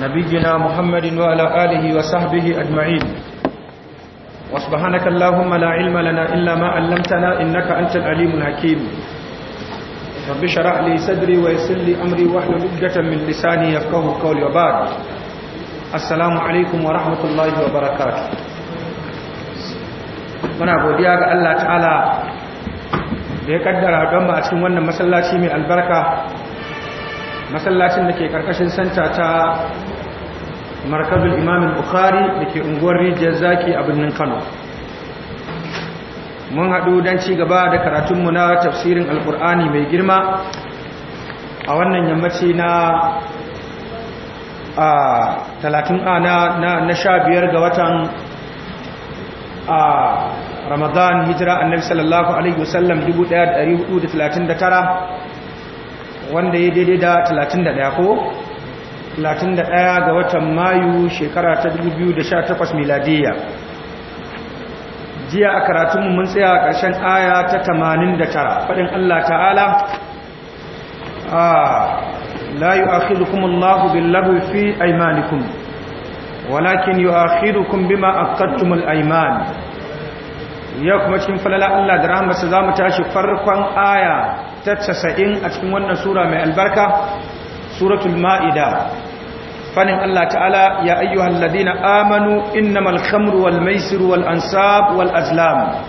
نبينا محمد وعلى آله وصحبه أجمعين وسبحانك اللهم لا علم لنا إلا ما علمتنا إنك أنت العليم الحكيم رب شرع لي صدري ويسر لي أمري واحلل عقدة من لساني يفقه قولي وبعد السلام عليكم ورحمة الله وبركاته muna godiya ga Allah ta'ala da ya kaddara don ba a cikin wannan masallaci mai albarka masallacin da ke karkashin santa ta markazul imamin bukhari da ke unguwar rijiyar zaki a birnin kano mun haɗu don ci gaba da karatunmu na tafsirin alkur'ani mai girma a wannan yammaci na a talatin a na sha biyar ga watan a ramadan hijira annabi sallallahu alaihi wasallam 1439 wanda ya daidai da 31 ko 31 ga watan mayu shekara ta 2018 miladiyya jiya a karatunmu mun tsaya a ƙarshen aya ta 89 faɗin Allah ta'ala a ah, la yu'akhidukum Allahu billahi fi aimanikun walakin yi yu'akhidukum bima aqadtumul ayman ya kuma cikin falala Allah da za mu tashi farkon aya ta 90 a cikin wannan sura mai albarka suratul ma'ida fanin Allah ta'ala ya ayyuhal ladina amanu innamal khamru wal maisiru wal wal azlam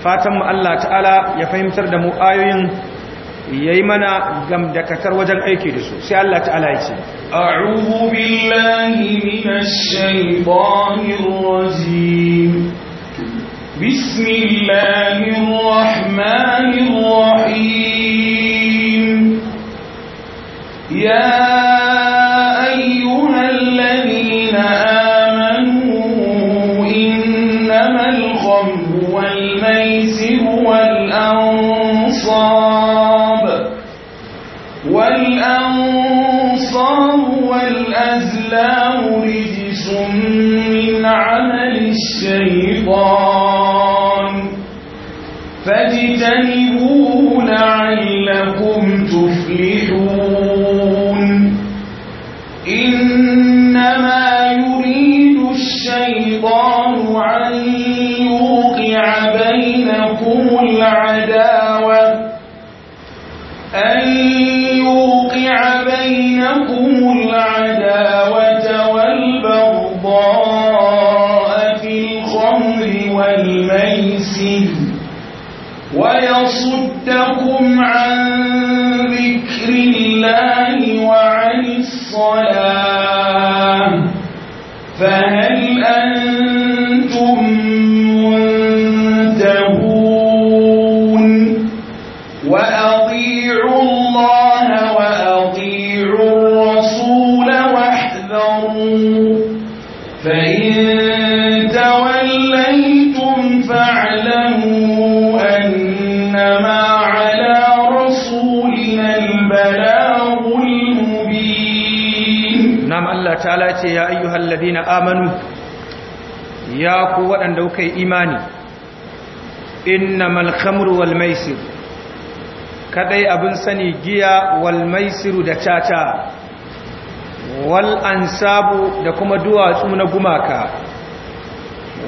fatan mu Allah ta'ala ya fahimtar da muayoyin ayoyin yayi mana gamdakatar wajen aiki da su sai Allah ya ce a'udhu billahi minash shaytanir rajim bismillahir rahmanir rahim ya ce ya ayyuhal na amanu ya ku waɗanda kuka yi imani Inna khamru wal maisir kadai abin sani giya wal maisiru da caca wal ansabu da kuma duwatsu na gumaka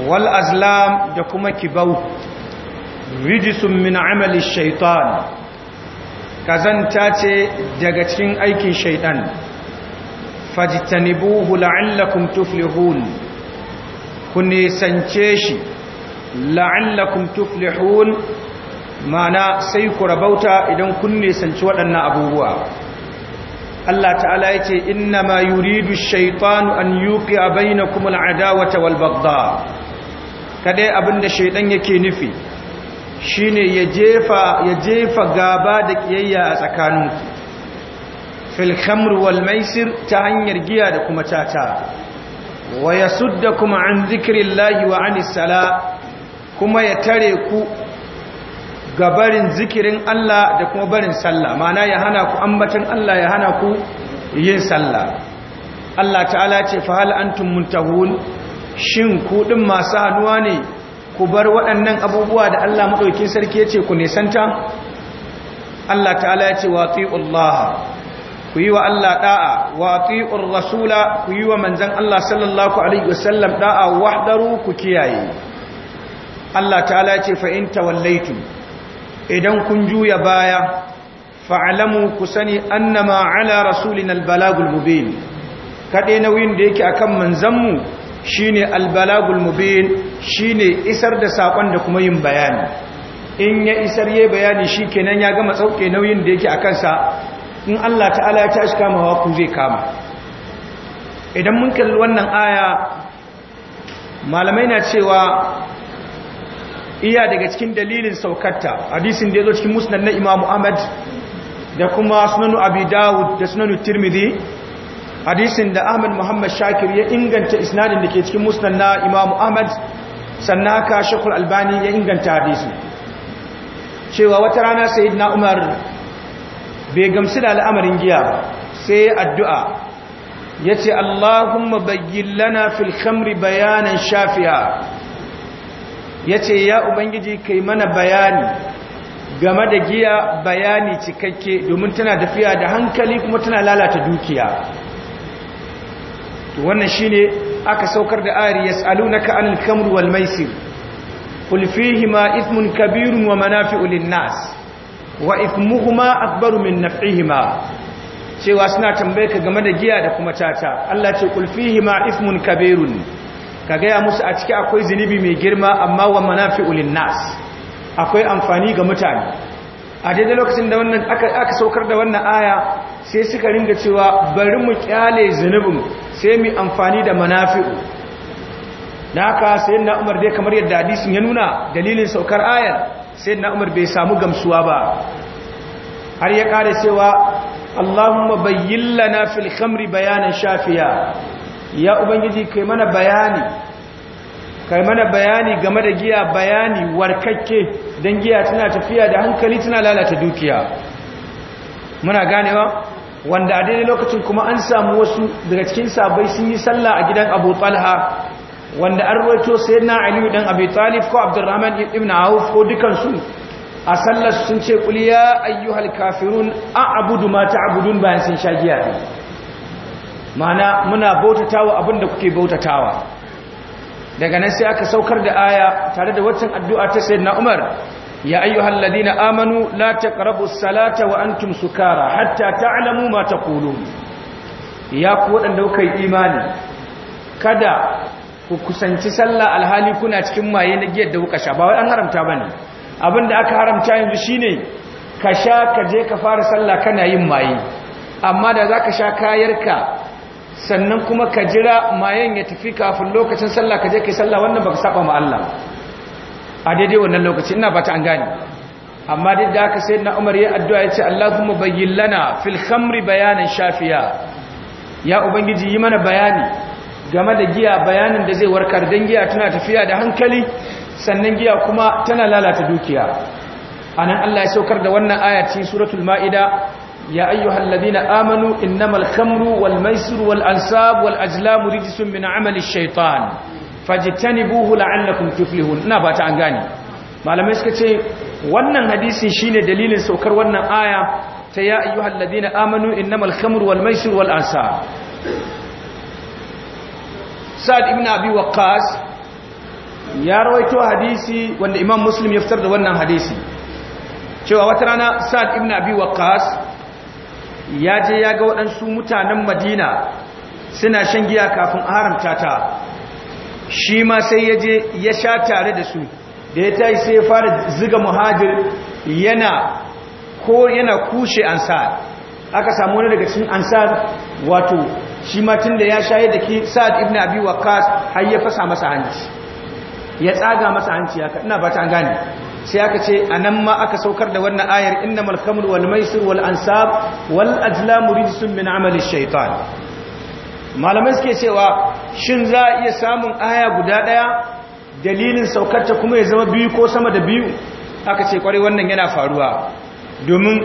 wal azlam da kuma kibau rijisun min amali shaitan kazanta ce daga cikin aikin shaitan fajtanibuhu la'allakum tuflihun ku nisance shi la'allakum tuflihun mana sai ku rabauta idan kun nisanci waɗannan abubuwa Allah ta'ala ya ce inna ma yuridu shaitanu an yuqi a bainakum al'adawata wal baghdha kadai abinda shaitan yake nufi shine ya jefa ya jefa gaba da kiyayya a tsakaninku fil maisir ta hanyar giya da kuma tata wa kuma an zikrillahi wa anisala kuma ya tare ku ga barin zikirin Allah da kuma barin sallah mana ya hana ku ambatan Allah ya hana ku yin sallah Allah ta'ala ce fa an antum shin kuɗin masu haduwa ne ku bar waɗannan abubuwa da Allah madaukin sarki yace ku nisanta Allah ta'ala ya ce wa Allah ku yi wa Allah ɗa'a, wa ati'ur rasula ku yi wa manzon Allah sallallahu alaihi wasallam ɗa'a, wahdaru ku kiyaye Allah ta'ala ce fainta wallaitu, idan kun juya baya fa'alamu ku sani annama ala rasulina albalagul mubin kade nauyin da yake akan manzon mu shine albalagul mubin shine isar da saƙon da kuma yin bayani in ya isar yayi bayani shi kenan ya gama sauke nauyin da yake a kansa. in Allah ta'ala ya tashi kamawa ku zai kama idan mun kalli wannan aya malamai na cewa iya daga cikin dalilin saukarta hadisin da ya zo cikin musnad na Imam Ahmad da kuma sunanu Abi Dawud da sunanu Tirmidhi hadisin da Ahmad Muhammad Shakir ya inganta isnadin da ke cikin musnad na Imam Ahmad sannan ka Sheikhul Albani ya inganta hadisin cewa wata rana Sayyidina Umar bai gamsu da al'amarin giya ba sai addu'a ya ce Allahumma bayyin lana fil khamri bayanan shafiya ya ce ya ubangiji kai mana bayani game da giya bayani cikakke domin tana tafiya da hankali kuma tana lalata dukiya wannan shine aka saukar da ayar yas'alunaka na khamri wal maisir qul fihi ma kabirun wa manafi'u lin nas wa ifmuhuma akbaru min naf'ihima cewa suna tambaye ka game da giya da kuma tata Allah ce kul fihima ismun kabirun ka gaya musu a ciki akwai zunubi mai girma amma wa manafi'u linnas akwai amfani ga mutane a daidai lokacin da wannan aka aka saukar da wannan aya sai suka ringa cewa bari mu kyale zunubin sai mu amfani da manafi'u naka haka sayyidina Umar dai kamar yadda hadisin ya nuna dalilin saukar ayar sai na umar bai samu gamsuwa ba har ya ƙara cewa allahumma bayyin lana fil khamri bayanan shafiya ya ubangiji kai mana bayani kai mana bayani game da giya bayani warkakke don giya tana tafiya da hankali tana lalata dukiya muna ganewa wanda a daidai lokacin kuma an samu wasu daga cikin sabai sun yi sallah a gidan abu talha wanda an sai na ali dan abi talib ko abdurrahman ibn auf ko dukansu a sallar sun ce qul ya ayyuhal kafirun a'budu ma ta ta'budun bayan sun sha giya mana muna bautatawa abinda kuke bautatawa daga nan sai aka saukar da aya tare da waccan addu'a ta sayyidina umar ya ayyuhal ladina amanu la taqrabu salata wa antum sukara hatta ta'lamu ma taqulun ya ku wadanda kuka imani kada ku kusanci sallah alhali kuna cikin maye na giyar da kuka sha ba wai an haramta bane abin da aka haramta yanzu shine ka sha ka je ka fara sallah kana yin maye amma da zaka sha kayarka sannan kuma ka jira mayen ya tafi kafin lokacin sallah ka je kai sallah wannan baka saba ma Allah a daidai wannan lokaci ina ba ta an gane amma duk da haka sayyidina Umar ya addu'a ya ce Allahumma bayyin lana fil khamri bayanan shafiya ya ubangiji yi mana bayani game da giya bayanin da zai warkar don giya tana tafiya da hankali sannan giya kuma tana lalata dukiya a nan Allah ya saukar da wannan ayati suratul ma'ida ya ayyuhal ladina amanu innamal khamru wal maisir wal ansab wal azlamu rijsun min amali shaitan fajtanibuhu la'allakum tuflihun ina ba ta an gane malamai suka ce wannan hadisi shine dalilin saukar wannan aya ta ya ayyuhal ladina amanu innamal khamru wal maisir wal ansab sa'ad ibn abi waqqas ya rawaito hadisi wanda imam muslim ya fitar da wannan hadisi cewa wata rana sa'ad ibn abi waqqas ya je ya ga waɗansu mutanen madina suna shan giya kafin haramta ta shi ma sai ya je ya sha tare da su da ya yi sai ya fara ziga muhajir yana ko yana kushe ansar aka samu wani daga cikin ansar wato shi ma tunda ya shaye da ki Sa'ad ibn Abi Waqqas har ya fasa masa hanci ya tsaga masa hanci ya ina ba ta gane sai aka ce anan ma aka saukar da wannan ayar innamal khamru wal maisir wal ansab wal ajlamu rijsun min amali shaytan malamai suke cewa shin za a iya samun aya guda daya dalilin saukarta kuma ya zama biyu ko sama da biyu aka ce kwarai wannan yana faruwa domin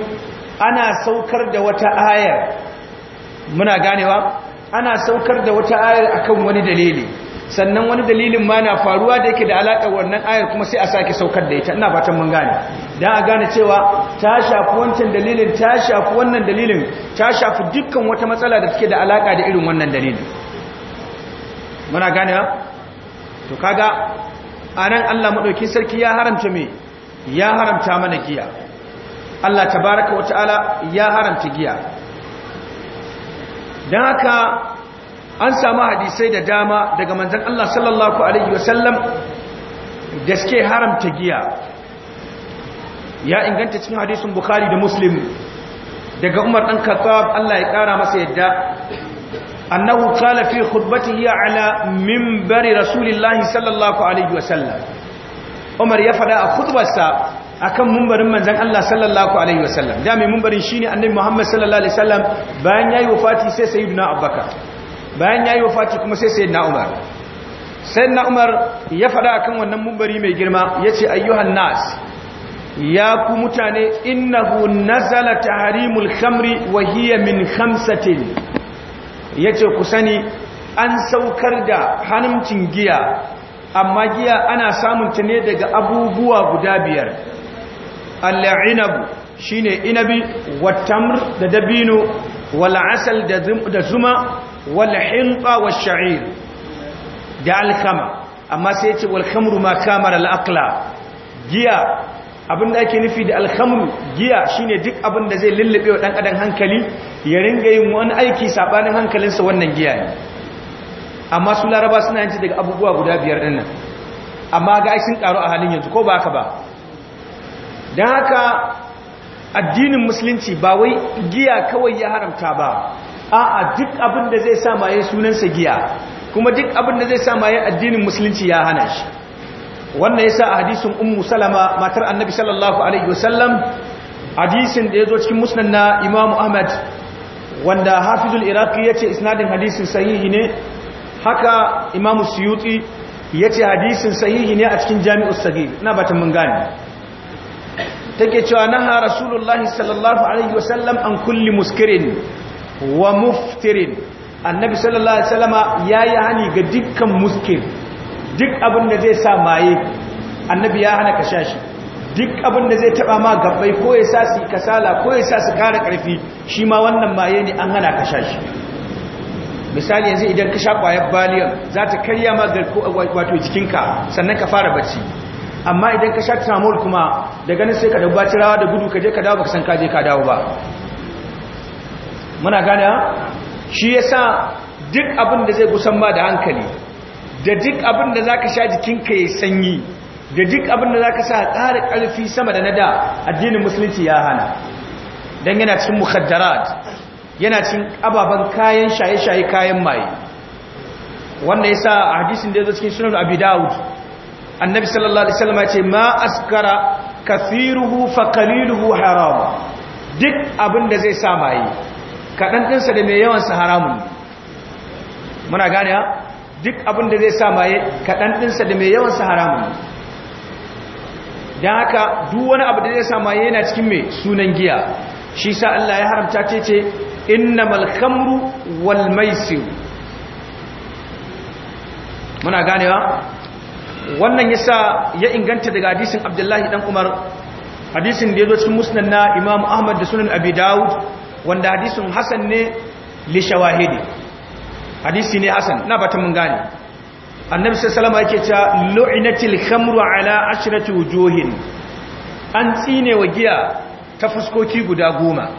ana saukar da wata ayar muna ganewa ana saukar da wata ayar akan wani dalili sannan wani dalilin ma na faruwa da yake da alaƙa wannan ayar kuma sai a sake saukar da ita ina fatan mun gane dan a gane cewa ta shafi wancan dalilin ta shafi wannan dalilin ta shafi dukkan wata matsala da take da alaƙa da irin wannan dalilin muna gane ha to kaga anan Allah madauki sarki ya haramta me ya haramta mana giya Allah tabaaraka ta'ala ya haramta giya don haka an samu hadisai da dama daga manzan Allah sallallahu Alaihi wasallam da suke haramta giya ya inganta cikin hadisun bukari da muslim daga umar ɗan kakab Allah ya ƙara masa yadda annahu kala fi ya ala mimbari rasulillahi sallallahu alaihi wasallam umar ya faɗa a khutbarsa akan mumbarin manzon Allah sallallahu alaihi wasallam da mai mumbarin shine annabi Muhammad sallallahu alaihi wasallam bayan yayi wafati sai sayyidina Abubakar bayan yayi wafati kuma sai sayyidina Umar sayyidina Umar ya fada akan wannan mumbari mai girma yace ayyuhan nas ya ku mutane innahu nazala tahrimul khamri wa hiya min khamsatin yace ku sani an saukar da hanumcin giya amma giya ana samunta ne daga abubuwa guda biyar al'inabu shine inabi watamr da dabino wala asal da zuma wala hinqa wa sha'ir da alkama amma sai yace wal ma kamar al’akla giya giya da ake nufi da alkhamru giya shi ne duk abin da zai lullube wa ɗan hankali ya ringa yin wani aiki saɓanin hankalinsa wannan giya ne amma su laraba suna yanci daga abubuwa guda biyar nan amma ga sun ƙaru a halin yanzu ko ba ka ba don haka addinin musulunci ba wai giya kawai ya haramta ba a'a duk abin da zai sa maye sunansa giya kuma duk abin da zai sa maye addinin musulunci ya hana shi wannan yasa a hadisin ummu salama matar annabi sallallahu alaihi wasallam hadisin da ya zo cikin musnad na imamu ahmad wanda hafizul iraqi yace isnadin hadisin sahihi ne haka imamu suyuti yace hadisin sahihi ne a cikin jami'us sagir ina batun mun gane take cewa naha rasulullahi sallallahu alaihi wasallam an kulli muskirin wa muftirin annabi sallallahu alaihi wasallama yayi hani ga dukkan muskir duk abin da zai sa maye annabi ya hana ka duk abin da zai taba ma gabbai ko ya sa su kasala ko ya sa su kara karfi shi ma wannan maye ne an hana kasashe misali yanzu idan ka sha kwayar baliyan za ta karya ma wato jikinka sannan ka fara bacci amma idan ka sha tramol kuma da ganin sai ka dabba rawa da gudu ka je ka dawo baka san ka je ka dawo ba muna gane shi yasa duk abin da zai gusan ba da hankali da duk abin da zaka sha jikinka ya sanyi da duk abin da zaka sa ƙara ƙarfi sama da nada addinin musulunci ya hana dan yana cikin mukaddarat yana cikin ababen kayan shaye-shaye kayan maye wanda yasa a hadisin da ya zo cikin sunan Abi Dawud annabi sallallahu alaihi wasallam ce ma askara kathiruhu fa qaliluhu haram duk abin da zai sa mai kadan dinsa da mai yawan sa haramun muna gane duk abin da zai sa mai kadan dinsa da mai yawan sa haramun dan haka duk wani abu da zai sa mai yana cikin mai sunan giya shi sa Allah ya haramta ce ce innamal khamru wal maisir muna ganewa wannan ya sa ya inganta daga hadisin abdullahi dan umar hadisin da ya zo cikin musnad na imam ahmad da sunan abi dawud wanda hadisin hasan ne li shawahidi hadisi ne hasan na bata mun gane annabi sallallahu alaihi yake cewa lu'inatil khamru ala ashrati wujuhin an tsine wa giya ta fuskoki guda goma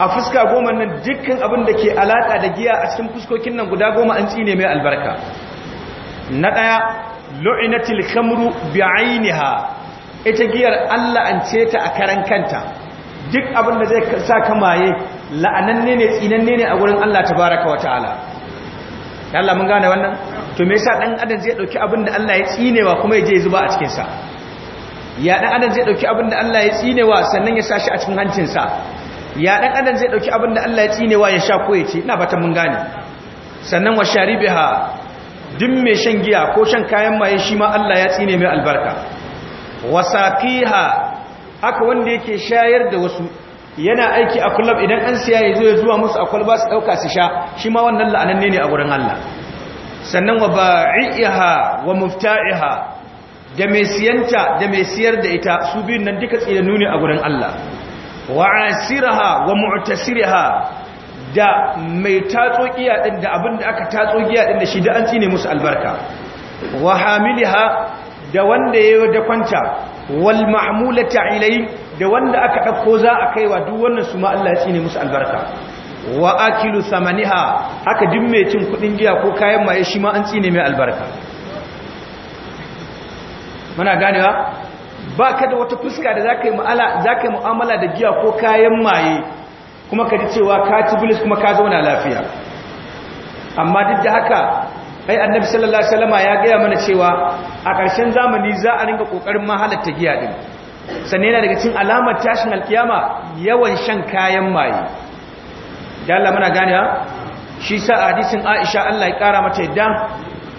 a fuska goma nan dukkan abin da ke alaka da giya a cikin fuskokin nan guda goma an tsine mai albarka na daya lu'inatil khamru bi'ainiha ita giyar Allah an ce ta a karan kanta duk abin da zai sa kamaye la'ananne ne tsinanne ne a gurin Allah tabaaraka wa ta'ala Allah mun gane wannan to me yasa dan adam zai dauki abin da Allah ya tsinewa kuma ya je zuba a cikin sa ya dan adam zai dauki abin da Allah ya tsinewa sannan ya sashi a cikin hancin sa ya dan adam zai dauki abin da Allah ya tsinewa ya sha ko ya ce ina bata mun gane sannan wa sharibiha duk mai shan giya ko shan kayan maye shi ma Allah ya tsine mai albarka wasaqiha haka wanda yake shayar da wasu yana aiki a kullab idan an siya yazo ya zuwa musu a kwalba su dauka su sha shi ma wannan la'ananne ne a gurin Allah sannan wa ba'iha wa mufta'iha da mai siyanta da mai siyar da ita su biyun nan duka tsinanu nuni a gurin Allah wa asiraha wa mu'tasiraha da mai tatso din da abin da aka tatso giya din da shi da an tsine musu albarka wa hamilha da wanda yayi da kwanta wal mahmulata ilai da wanda aka dauko za a wa duk wannan su ma Allah ya tsine musu albarka wa akilu samaniha haka duk mai cin kudin giya ko kayan maye shi ma an tsine mai albarka muna ganewa ba ka da wata fuska da zaka yi mu'amala da giya ko kayan maye kuma ka ji cewa ka ci bilis kuma ka zauna lafiya amma duk da haka ai annabi sallallahu alaihi wasallama ya gaya mana cewa a ƙarshen zamani za a ringa kokarin mahalatta giya din sannan yana daga cikin alamar tashin alkiyama yawan shan kayan maye da Allah muna gane ha shi sa a hadisin Aisha Allah ya kara mata yadda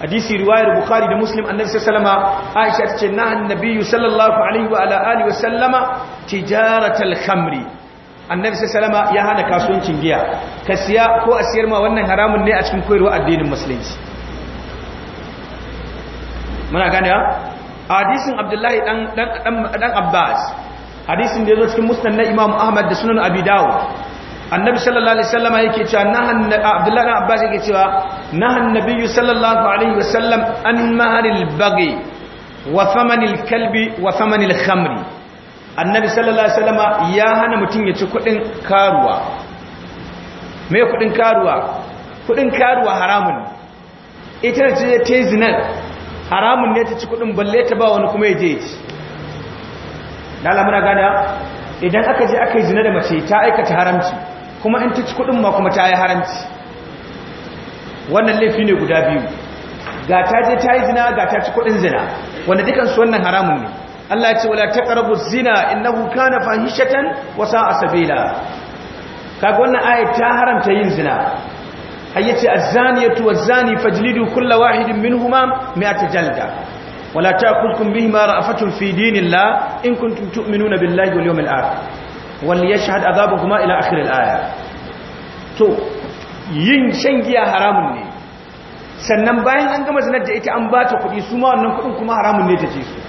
hadisi riwayar Bukhari da Muslim annabi sallallahu alaihi wasallama Aisha ta ce na annabi sallallahu alaihi wa ala alihi wasallama tijaratal khamri annabi sallama ya hana kasuwancin giya ka siya ko a siyar ma wannan haramun ne a cikin koyarwa addinin musulunci muna gane a hadisin abdullahi dan abbas hadisin da ya zo cikin musnad na imam ahmad da sunan abi dawud annabi sallallahu alaihi wasallam yake cewa nahan abdullahi dan abbas yake cewa nahan nabiyyu sallallahu alaihi wasallam an maharil baghi wa thamanil kalbi wa thamanil khamri annabi sallallahu alaihi wasallama ya hana mutum ya ci kudin karuwa me kudin karuwa kudin karuwa haramun ita ce ta zinan haramun ne ta ci kudin balle ta ba wani kuma ya je ci dala muna gana idan aka je aka yi zina da mace ta aikata haramci kuma in ta ci kudin ma kuma ta yi haramci wannan laifi ne guda biyu ga ta je ta yi zina ga ta ci kudin zina wanda dukansu wannan haramun ne Allah ce wala taqrabu zina innahu kana fahishatan wa sa'a sabila kaga wannan ayat ta haramta yin zina ayyace az-zaniyatu waz-zani fajlidu kull wahidin minhuma mi'ata jalda wala ta'khudhukum bihima ra'fatun fi dinillah in kuntum tu'minuna billahi wal yawmil akhir wal yashhad adhabuhuma ila akhir al-aya to yin shan giya haramun ne sannan bayan an gama zinar da ita an bata kuɗi su ma wannan kuɗin kuma haramun ne ta ce su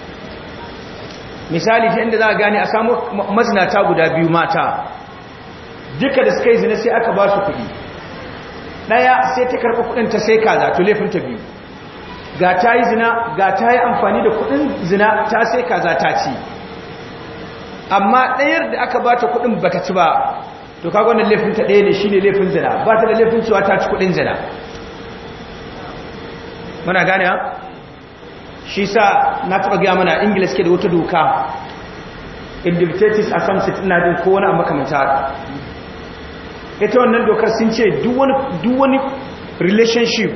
misali ta inda za a gane a samu mazinata guda biyu mata duka da suka yi zina sai aka ba su kuɗi ɗaya sai ta karɓi kuɗin ta sai kaza to laifin ta biyu ga ta yi zina ga ta yi amfani da kuɗin zina ta sai kaza ta ci amma ɗayar da aka ba ta kuɗin ba ta ci ba to kaga wannan laifin ta ɗaya ne shi ne laifin zina ba ta da laifin cewa ta ci kuɗin zina muna gane ha shi sa na taɓa gaya mana ingila suke da wata doka indivitatis assumption ina jin ko wani a makamanta ita wannan dokar sun ce duwani wani relationship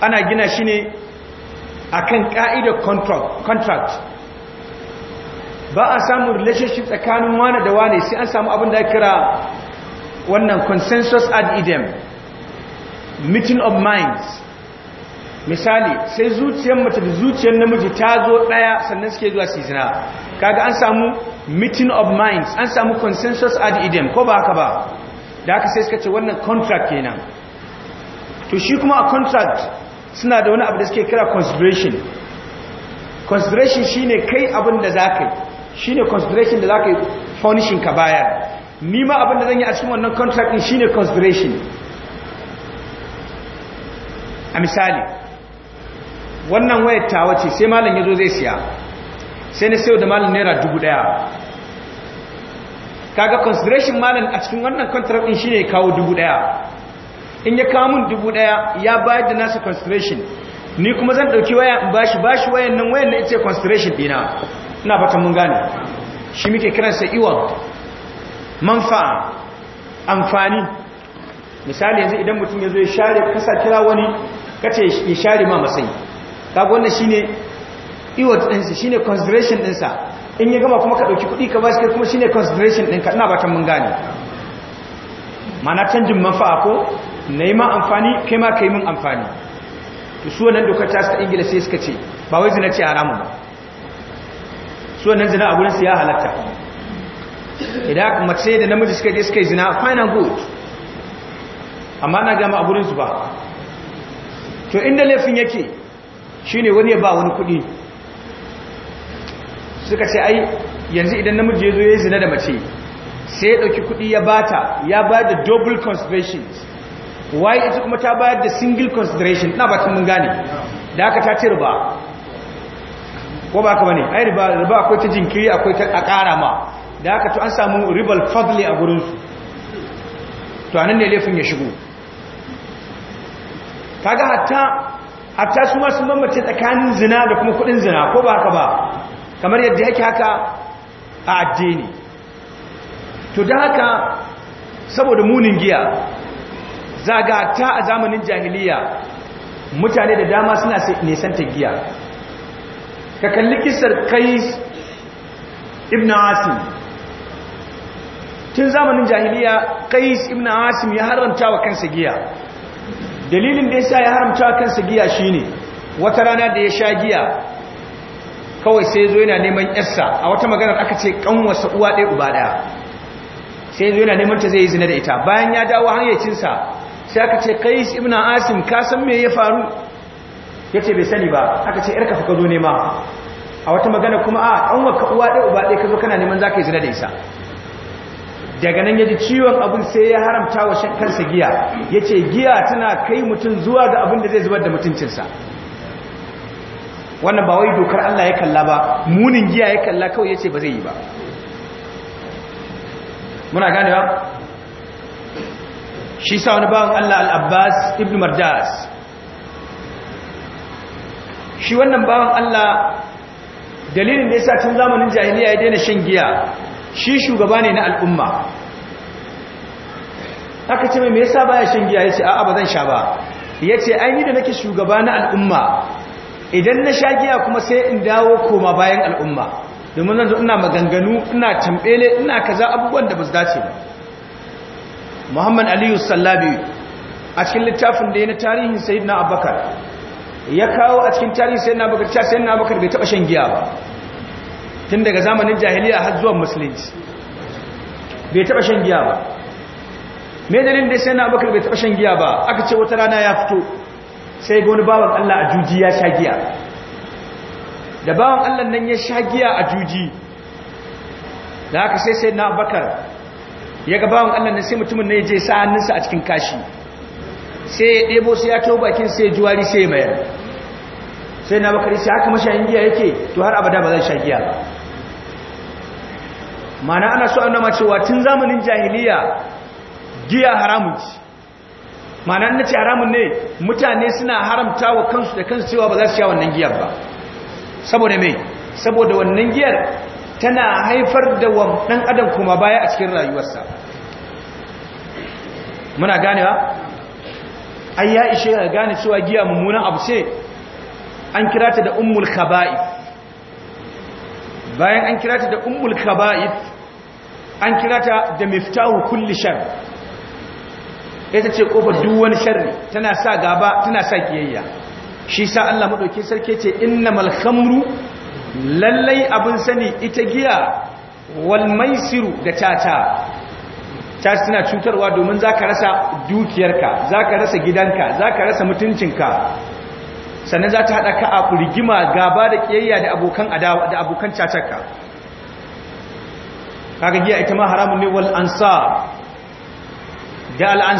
ana gina shi ne a kan ƙa'idar contract ba a samun relationship tsakanin wane da wane sai an samu abin da ya kira wannan consensus ad idem meeting of minds misali sai zuciyar mace da zuciyar namiji ta zo daya sannan suke zuwa su zina kaga an samu meeting of minds an samu consensus ad idem ko ba haka ba da haka sai suka ce wannan contract kenan to shi kuma a contract suna da wani abu da suke kira consideration consideration shine kai abin da zakai shine consideration da zakai furnishing ka bayar ni ma abin da zan yi a cikin wannan contract din shine consideration a misali wannan wayar ta wace sai malam ya zo zai siya sai na sayo da malam naira dubu daya kaga consideration malam a cikin wannan contract din shine kawo dubu daya in ya kawo min dubu daya ya bayar da nasa consideration ni kuma zan dauki waya in bashi bashi wayan nan wayan nan ita consideration dina ina fatan mun gane shi muke kiran sa iwan manfa'a amfani misali yanzu idan mutum ya zo ya share kasa kira wani kace ya share ma masai kaga wannan shine iward ɗinsa shine consideration ɗinsa in ya gama kuma ka ɗauki kuɗi ka ba shi kuma shine consideration ɗinka ina batan mun gane mana canjin manfa'a ko na yi ma amfani kai ma ka yi min amfani to su wannan dokar ta suka ingila sai suka ce ba wai zina ce haramun ba su wannan zina a gurinsu ya halatta idan mace da namiji suka je suka yi zina fine and good amma na gama a gurinsu ba to inda laifin yake Shi ne wani ya ba wani kuɗi suka ce ai yanzu idan namiji ya zo ya zina da mace sai ya ɗauki kuɗi ya bata ya bayar da double conservation waye ita kuma ta bayar da single consideration ina ba mun gane da aka ta ce riba ko ba ka bane ai riba akwai ta jinkiri akwai ta ƙara ma da aka to an samu ribal fadli a gurin su a anan ne laifin ya shigo ka ga hatta hatta su masu sun bambance tsakanin zina da kuma kudin zina ko ba haka ba kamar yadda yake haka a addini to da haka saboda munin giya zaga ta a zamanin jahiliya mutane da dama suna nesanta giya ka kalli kisar kais ibn asim tun zamanin jahiliya kais ibn asim ya haramta wa kansa giya dalilin da yasa ya haramta kansa giya shi ne wata rana da ya sha giya kawai sai zo yana neman yarsa a wata maganar aka ce kanwarsa uwa ɗaya uba ɗaya sai zo yana neman ta zai yi zina da ita bayan ya dawo hanyacinsa sai aka ce qais ibn asim ka san me ya faru yace bai sani ba aka ce yarka fa ka zo nema a wata magana kuma a kanwarka uwa ɗaya uba ɗaya ka zo kana neman za ka yi zina da isa daga nan ya ji ciwon abin sai ya haramta wa kansa giya ya ce giya tana kai mutum zuwa ga abin da zai zubar da mutuncinsa wannan ba wai dokar Allah ya kalla ba munin giya ya kalla kawai ya ce ba zai yi ba muna gane ba. shi sa wani bawan Allah al-Abbas ibn marjas shi wannan bawan Allah dalilin da yasa tun zamanin jahiliya ya daina shan giya shi shugaba ne na al'umma aka ce mai me yasa baya shan giya yace a'a ba zan sha ba yace ai ni da nake shugaba na al'umma idan na sha giya kuma sai in dawo koma bayan al'umma domin nan ina maganganu ina tambele ina kaza abubuwan da ba su dace ba Muhammad Aliyu Sallabi a cikin littafin da yana tarihin Sayyidina Abubakar ya kawo a cikin tarihin Sayyidina Abubakar Sayyidina Abubakar bai taba shan giya ba tun daga zamanin jahiliya har zuwan musulunci bai taba shan giya ba me dalilin da sai na abubakar bai taba shan giya ba aka ce wata rana ya fito sai ga wani bawan Allah a juji ya sha giya da bawan Allah nan ya sha giya a juji da haka sai sai na abubakar ya ga bawan Allah nan sai mutumin ne je sa hannunsa a cikin kashi sai ya ɗebo sai ya tawo bakin sai juwari sai ya mayar sai na bakari sai haka mashayin giya yake to har abada ba zai sha giya ba mana ana so annama cewa tun zamanin jahiliya giya haramun ci mana an nace haramun ne mutane suna haramta wa kansu da kansu cewa ba za su sha wannan giyar ba saboda me saboda wannan giyar tana haifar da wa dan adam kuma baya a cikin rayuwarsa muna ganewa ai ya ishe gane cewa giya mummunan abu ce an kira ta da ummul khaba'ith bayan an kira ta da umul kaba'id an kira ta da miftahu kulli shar ita ce kofar duk wani sharri tana sa gaba tana sa kiyayya shi sa Allah madauki sarki ce innamal khamru lallai abin sani ita giya wal maisiru da tata ta tana cutarwa domin zaka rasa dukiyarka zaka rasa gidanka zaka rasa mutuncinka sannan za ta haɗa ka a rigima gaba da ƙiyayya da abokan adawa da abokan cacarka giya ita ma haramun ne wal da al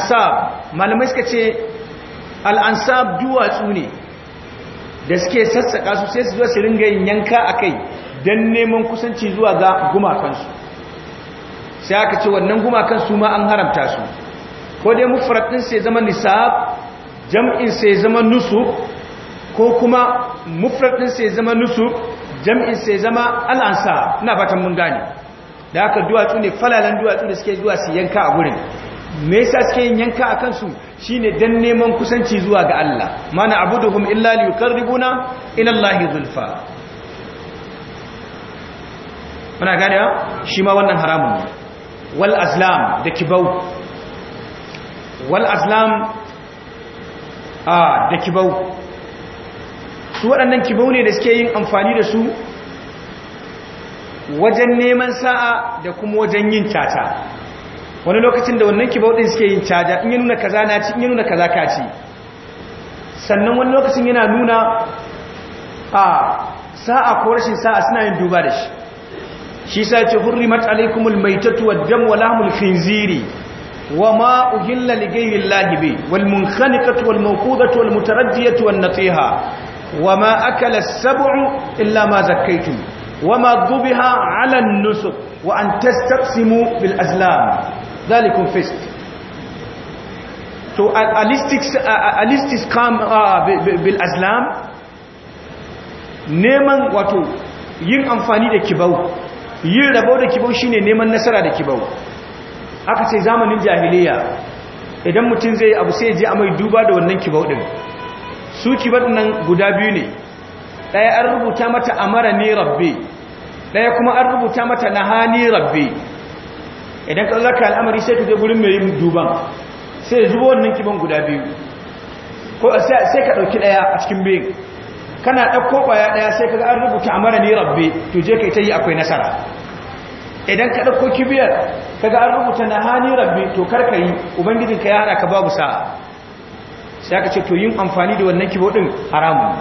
malamai suka ce al duwatsu ne da suke sassaƙa su sai su zo su ringa yin yanka akai don neman kusanci zuwa ga gumakansu sai aka ce wannan gumakan ma an haramta su ko dai mufrad sai zama nisab jam'in sai zama nusuf ko kuma mufradin sai zama nusub jam'in sai zama al'ansa ina fatan mun gane da haka duwatsu ne falalan duwatsu da suke zuwa su yanka a gurin me yasa suke yanka a kansu shine dan neman kusanci zuwa ga Allah mana abuduhum illa liyuqarribuna ila Allahi zulfa muna gane shi ma wannan haramun ne wal azlam da kibau wal azlam a da kibau su waɗannan kibau ne da suke yin amfani da su wajen neman sa'a da kuma wajen yin caca wani lokacin da wannan kibau ɗin suke yin caja in yi nuna kaza na ci in yi nuna kaza ka ci sannan wani lokacin yana nuna a sa'a ko rashin sa'a suna yin duba da shi shi sa ce hurri matsalai maitatu waddam wa lahmul ziri wa ma uhilla li lahibe llahi bi wal munkhaniqatu wal wal natiha وما أكل السبع إلا ما زكيتم وما ضبها على النسك وأن تستقسموا بالأزلام ذلكم فسق تو الاستسقام بالأزلام neman wato yin amfani da kibau yin rabo da kibau shine neman nasara da kibau aka ce zamanin jahiliya idan mutum zai abu sai ya je a mai duba da wannan kibau din su kibar nan guda biyu ne ɗaya an rubuta mata amara ni rabbi ɗaya kuma an rubuta mata na hani rabbi idan ka zaka al'amari sai ka je mai duban sai zuwa wannan kiban guda biyu ko sai ka ɗauki ɗaya a cikin biyu. kana ɗauko ƙwaya ɗaya sai ka ga an rubuta amara ni rabbi to je ka ita yi akwai nasara idan ka ɗauko kibiyar ka ga an rubuta na hani rabbi to karka yi ubangijinka ya haɗa ka babu sa'a sai aka ce to yin amfani da wannan kibo din haramun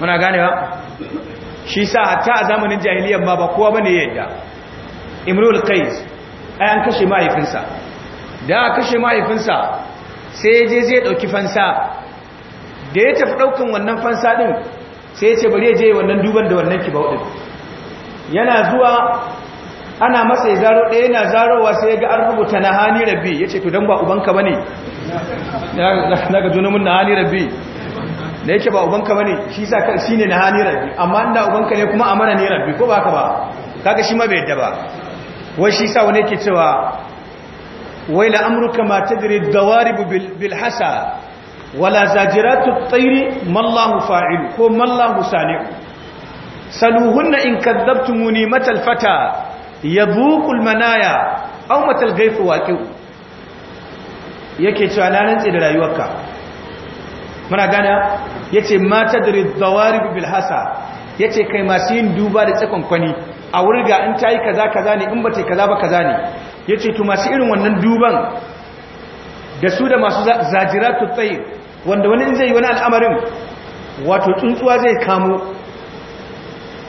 muna gane ba. shi sa hatta a zamanin jahiliyar ma ba kowa ba ne yadda imrul qais ai an kashe mahaifinsa da kashe mahaifinsa sai je zai dauki fansa da ya tafi daukan wannan fansa din sai ya ce bari ya je wannan duban da wannan kibo din yana zuwa ana masa ya zaro ɗaya yana zarowa sai ya ga an rubuta na hani rabbi ya ce to don ba ubanka ba ne na ga junumin na hani rabbi da yake ba ubanka ba ne shi shi ne na hani rabbi amma inda ubanka ne kuma amana ne rabbi ko ba ka ba kaga shi ma bai yadda ba wai shi sa wani yake cewa wai la'amurka ma ta dire dawaribu bilhasa wala zajiratu tsairi mallahu fa'ilu ko mallahu Sani? saluhunna in kazzabtumuni matal fata yabuqul manaya aw matal waqi yake cewa na rantsi da rayuwarka muna gana yace ma da dawarib bil hasa yace kai masu yin duba da tsakon kwani a wurga in tayi kaza kaza ne in ba bace kaza ba kaza ne yace to masu irin wannan duban da su da masu zajiratu tsayi wanda wani in zai yi wani al'amarin wato tsuntsuwa zai kamo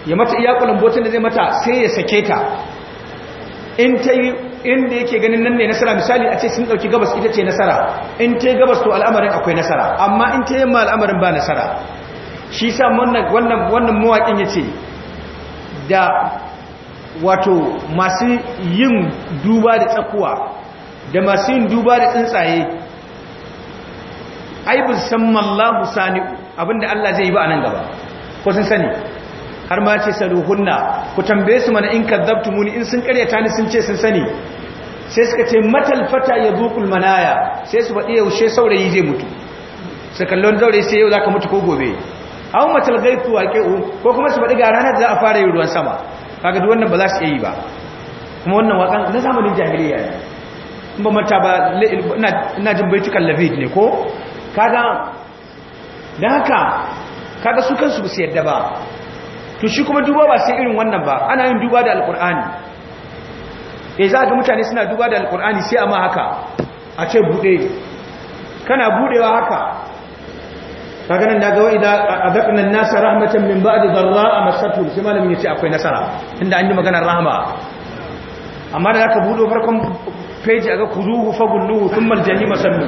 ya mata iya kulambocin da zai mata sai ya sake ta in ta yi inda yake ganin nan ne nasara misali a ce sun ɗauki gabas ita ce nasara in ta yi gabas to al'amarin akwai nasara amma in ta yi ma al'amarin ba nasara shi sa wannan mawaƙin ya ce da wato masu yin duba da tsakuwa da masu yin duba da tsuntsaye ai musamman Sani'u, sani abinda Allah zai yi ba a nan gaba ko sun sani har ma ce saluhunna ku tambaye su mana in muni in sun karyata ni sun ce sun sani sai suka ce matal fata yadukul manaya sai su faɗi yaushe saurayi zai mutu sai kallon zaure sai yau zaka mutu ko gobe aw matal gaitu waqi'u ko kuma su faɗi ga ranar za a fara yi ruwan sama kaga duk wannan ba za su yi ba kuma wannan wakan na zamanin jahiliya ne in ba mata ba ina jin baitukan lafid ne ko kaga dan haka kaga su kansu ba su yadda ba to shi kuma duba ba sai irin wannan ba ana yin duba da alkur'ani eh za ga mutane suna duba da alkur'ani sai amma haka a ce bude kana budewa haka kaga nan daga wai da adaqna an-nasa rahmatan min ba'di a masatuhum sai malamin yace akwai nasara inda an yi maganar rahama amma da zaka budo farkon page aga kuzuhu fagulluhu thumma al-jahima sallu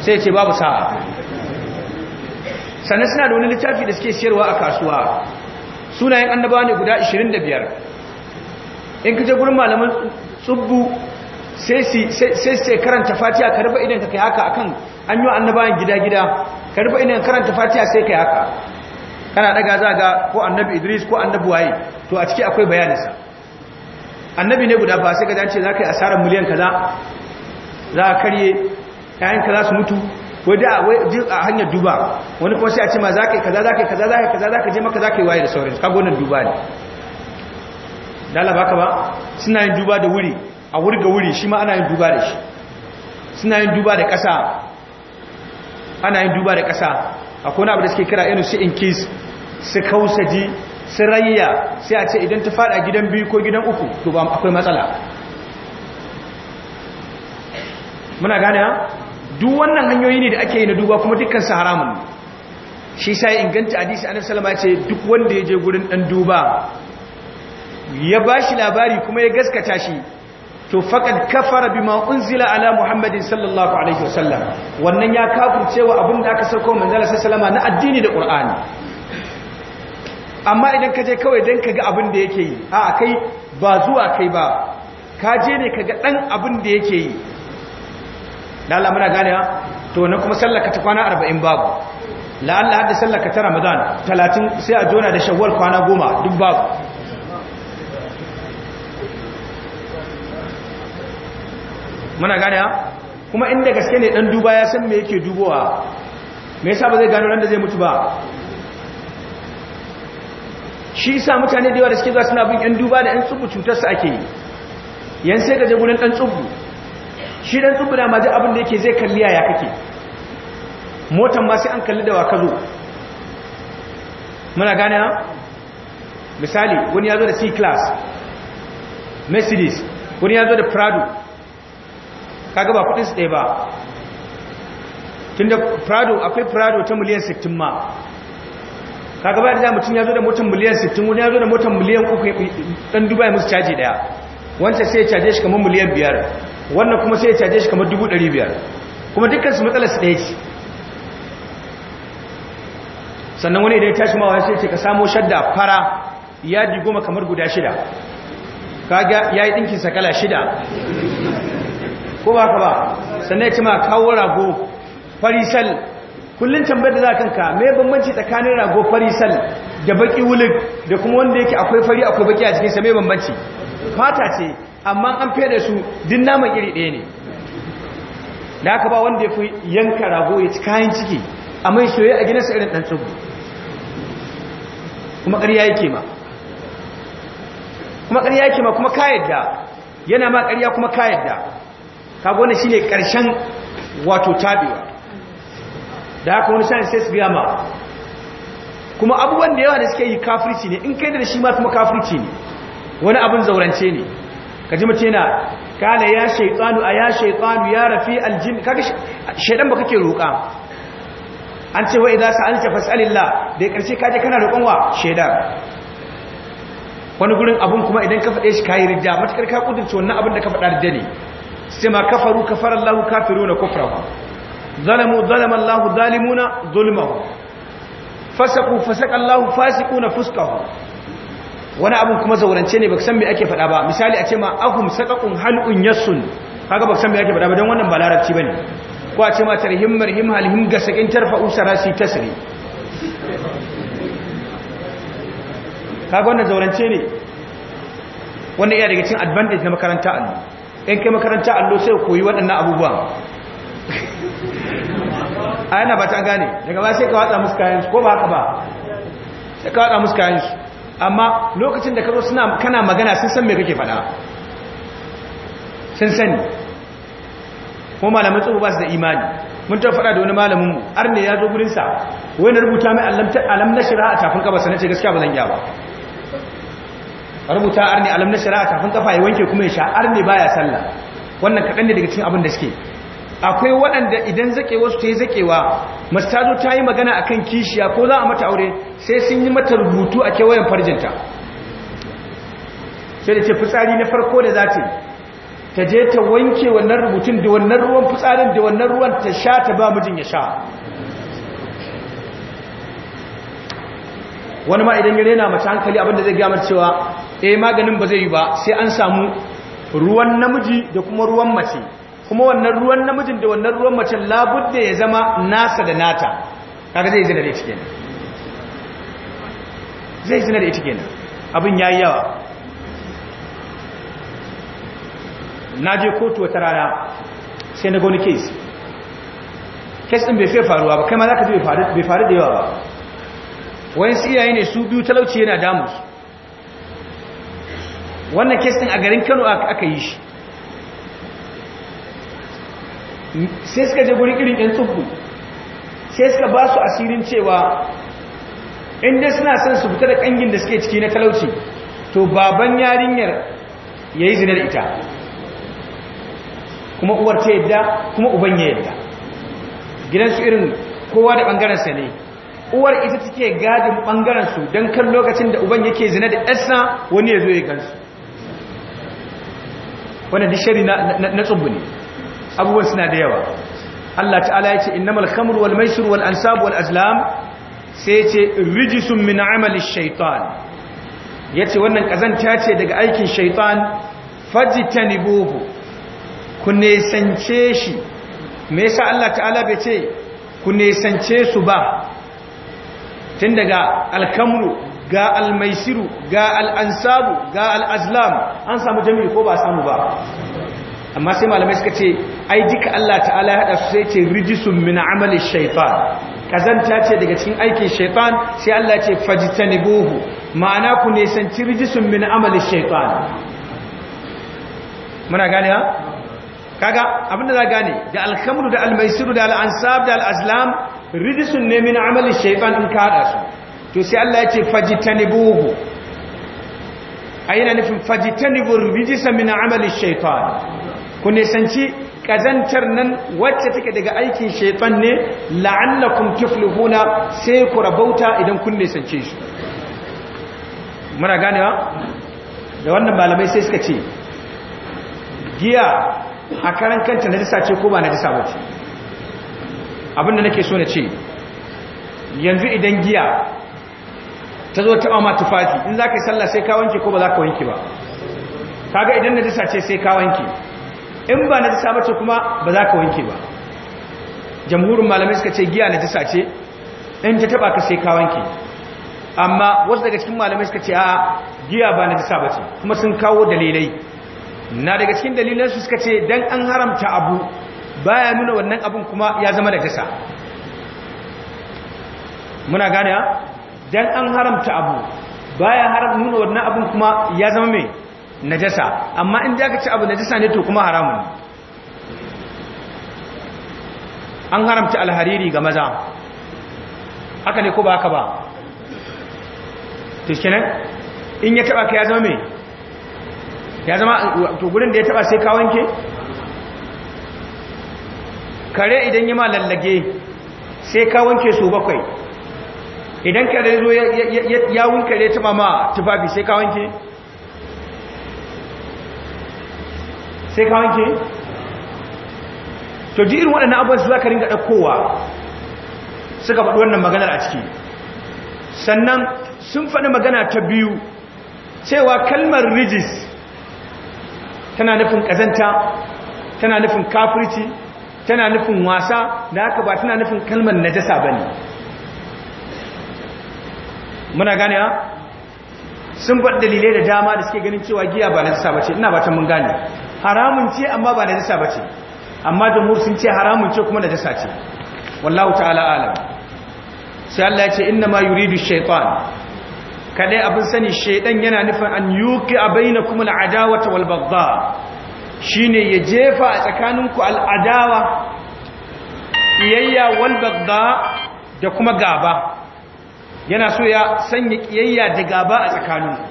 sai ce babu sa'a sannan suna da wani littafi da suke siyarwa a kasuwa sunayen annabawa ne guda 25 in kaje gurin malaman tsubbu sai sai karanta fatiha ka rufe idan ka kai haka akan anyo annabawan gida-gida ka rufe idan karanta fatiha sai kai haka kana daga za ga ko annabi idris ko annabi waye to a ciki akwai bayanin sa annabi ne guda ba sai ka dace za ka yi asarar miliyan kaza za a karye kayan kaza su mutu wai da a hanyar duba wani kuma sai a ce ma za ka yi kaza za ka yi kaza za ka yi kaza za ka je maka za ka yi waye da sauransu ka gonar duba ne dala baka ba suna yin duba da wuri a wuri ga wuri shi ma ana yin duba da shi suna yin duba da ƙasa ana yin duba da ƙasa a wani abu da suke kira irin su in case su ji su rayya sai a ce idan ta fada gidan biyu ko gidan uku to ba akwai matsala muna gane ha duk wannan hanyoyi ne da ake yi na duba kuma dukkan su haramun shi sai inganta hadisi annabi wasallam ya ce duk wanda ya je gurin dan duba ya bashi labari kuma ya gaskata shi to faqad kafara bima unzila ala muhammadin sallallahu alaihi wasallam wannan ya kafircewa abin da aka sauko alaihi wasallam na addini da qur'ani amma idan ka je kawai dan kaga abin da yake yi a kai ba zuwa kai ba ka je ne kaga dan abin da yake yi da Allah muna gane to na kuma sallaka ta kwana arba'in babu la Allah hadda sallaka ta Ramadan 30 sai a jona da Shawwal kwana 10 duk babu muna gane kuma inda gaske ne dan duba ya san me yake dubowa me yasa ba zai gano ran da zai mutu ba shi sa mutane da yawa da suke zuwa suna bin yan duba da yan tsubu cutar ake yi yan sai gaje gurin dan tsubu shi dan tsubuna ma ji abin da yake zai kalli ya kake motan ma sai an kalli da wa ka zo muna gane na misali wani ya zo da c-class mercedes wani ya zo da prado kaga ba su ɗaya ba tun da prado akwai prado ta miliyan 60 ma kaga ba da mutum ya zo da motan miliyan 60 wani ya zo da motan miliyan 3 ɗan dubai musu caji ɗaya wancan sai ya caje shi kamar miliyan 5 wannan kuma sai ya caje shi kamar dubu ɗari biyar kuma dukkan su matsalar su ɗaya ce sannan wani idan ya tashi mawa sai ce ka samo shadda fara ya ji goma kamar guda shida kaga ya yi ɗinkin sakala shida ko ba ka ba sannan ya ci ma kawo rago farisal kullum tambayar da za kanka mai bambanci tsakanin rago farisal da baki wulik da kuma wanda yake akwai fari akwai baki a cikinsa mai bambanci fata ce amma an fere su din naman iri ɗaya ne da aka ba wanda ya fi yanka rago ya ci kayan ciki a mai soye a gidansa irin ɗan tsubu kuma ƙarya yake ma kuma ƙarya yake ma kuma ka da yana ma ƙarya kuma ka yadda shi ne ƙarshen wato tabewa da aka wani sa'in sai su biya ma kuma abubuwan da yawa da suke yi kafirci ne in kai da shi ma kuma kafirci ne wani abin zaurance ne kaji mace na kala ya shaytanu a ya shaytanu ya rafi aljin kaga shaydan ba kake roƙa an ce wa idza sa'alta fas'alillah dai karshe kaje kana roƙon wa shaydan wani gurin abun kuma idan ka fade shi kayi ridda matakar ka kudurce wannan abin da ka faɗa ridda ne sai ma kafaru kafara Allah kafiruna kufrahu zalamu zalama Allah zalimuna zulmahu fasaku lahu fasiku fasiquna fuskahu wani abin kuma zaurance ne baka san me ake faɗa ba misali a ce ma ahum saqaqun halun yasun kaga baka san me ake faɗa ba dan wannan ba larabci bane ko a ce ma tarhim marhim halhim tarfa tarfa'u sarasi tasri kaga wannan zaurance ne wanda iya daga cikin advantage na makaranta allo in kai makaranta allo sai koyi waɗannan abubuwa a yana ba ta gane daga ba sai ka watsa musu kayan su ko ba haka ba sai ka watsa musu kayan su amma lokacin da ka zo suna kana magana sun san me kake faɗa sun sani ko malamin tsoro ba su da imani mun ta faɗa da wani malaminmu arne ya zo gurinsa na rubuta mai alam na shira a tafin kabasa sanace gaskiya ba zan iya ba rubuta ne alam na shira a tafin kafa ya wanke kuma ya sha arne baya sallah wannan kaɗan ne daga cikin abin da suke akwai waɗanda idan zakewa su ta yi zakewa mastazo ta yi magana a kan kishiya ko za a mata aure sai sun yi mata rubutu a kewayen farjinta sai da ce fitsari na farko da za ta ta je ta wanke wannan rubutun da wannan ruwan fitsarin da wannan ruwan ta sha ta ba mijin ya sha wani ma idan ya rena mace hankali abinda zai gamar cewa eh maganin ba zai yi ba sai an samu ruwan namiji da kuma ruwan mace kuma wannan ruwan namijin da wannan ruwan macen labudda ya zama nasa da nata kaga zai zina da ita kenan zai zina da ita kenan abin yayi yawa na je kotu wata rana sai na goni case case din bai fi faruwa ba kai ma za ka bai faru da yawa ba wani siya ne su biyu talauci yana damus wannan case din a garin kano aka yi shi sai suka je guri irin 'yan tsubbu sai suka ba su asirin cewa inda suna son su fita da ƙangin da suke ciki na talauci to baban yarinyar ya yi zinar ita kuma uwar ta yadda kuma uban ya yadda gidansu irin kowa da ɓangarensa ne uwar ita take gadin ɓangarensu don kan lokacin da uban yake zina da ɗansa wani ya zo ya gansu wannan dishari na tsubu ne abubuwan suna da yawa Allah ta'ala ya ce innamal khamru wal maisir wal ansab wal azlam sai ya ce rijisun min amali shaitan ya ce wannan kazanta ce daga aikin shaitan fajitanibuhu ku nesance shi me yasa Allah ta'ala bai ce ku nesance su ba tun daga alkamru ga almaisiru ga al'ansabu ga al'azlam an samu jami'i ko ba a samu ba amma sai malamai suka ce ai duka Allah ta'ala ya hada su sai ce rijisun min amali shaytan kazanta ce daga cikin aikin shaytan sai Allah ya ce fajtanibuhu ma'ana ku ne san ci rijisun min amali shaytan muna gane ha kaga abinda za gane da alhamdu da almaisiru da al'ansab da al'azlam rijisun ne min amali shaytan in ka hada su to sai Allah ya ce fajtanibuhu ayyana nufin fajtanibu rijisun min amali shaytan ku nisanci kazantar nan wacce take daga aikin shaitan ne la'allakum tuflihuna sai ku rabauta idan kun nisance shi muna ganewa da wannan malamai sai suka ce giya a karan kanta jisa ce ko ba na ba wace abinda nake so na ce yanzu idan giya ta zo taɓa mata tufafi in za ka yi sallah sai ka wanke ko ba za ka wanke ba kaga idan jisa ce sai ka wanke in ba na jisa bace kuma ba za ka wanke ba jamhurin malamai suka ce giya na jisa ce in ta taba ka sai ka wanke amma wasu daga cikin malamai suka ce a giya ba na jisa bace kuma sun kawo dalilai na daga cikin dalilai su suka ce dan an haramta abu baya nuna wannan abun kuma ya zama da jisa muna gane dan an haramta abu baya haram nuna wannan abun kuma ya zama mai najasa amma in da aka ci abu najasa ne to kuma haramun an haramta alhariri ga maza haka ne ko ba haka ba to kenan in ya taba ka ya zama me ya zama to gurin da ya taba sai ka wanke kare idan yi ma lallage sai ka wanke su bakwai idan kare zo ya wunkare taba ma tufafi sai ka wanke sai ka wanke to ji irin waɗannan abuwa su za ka ringa ɗaukowa suka faɗi wannan maganar a ciki sannan sun faɗi magana ta biyu cewa kalmar rijis tana nufin ƙazanta tana nufin kafirci tana nufin wasa da haka ba tana nufin kalmar najasa ba ne muna gane ha sun faɗi dalilai da dama da suke ganin cewa giya ba najasa ba ce ina ba ta mun gane haramun ce amma ba da ba ce, amma da mursun ce haramun ce kuma da jisa ce wallahu ta'ala alam sai Allah ya ce inna ma yuridu shaytan kaɗai abin sani shaydan yana nufin an yuqi bainakum al'adawata wal Shi shine ya jefa a tsakaninku al'adawa ƙiyayya wal da kuma gaba yana so ya sanya ƙiyayya da gaba a tsakaninku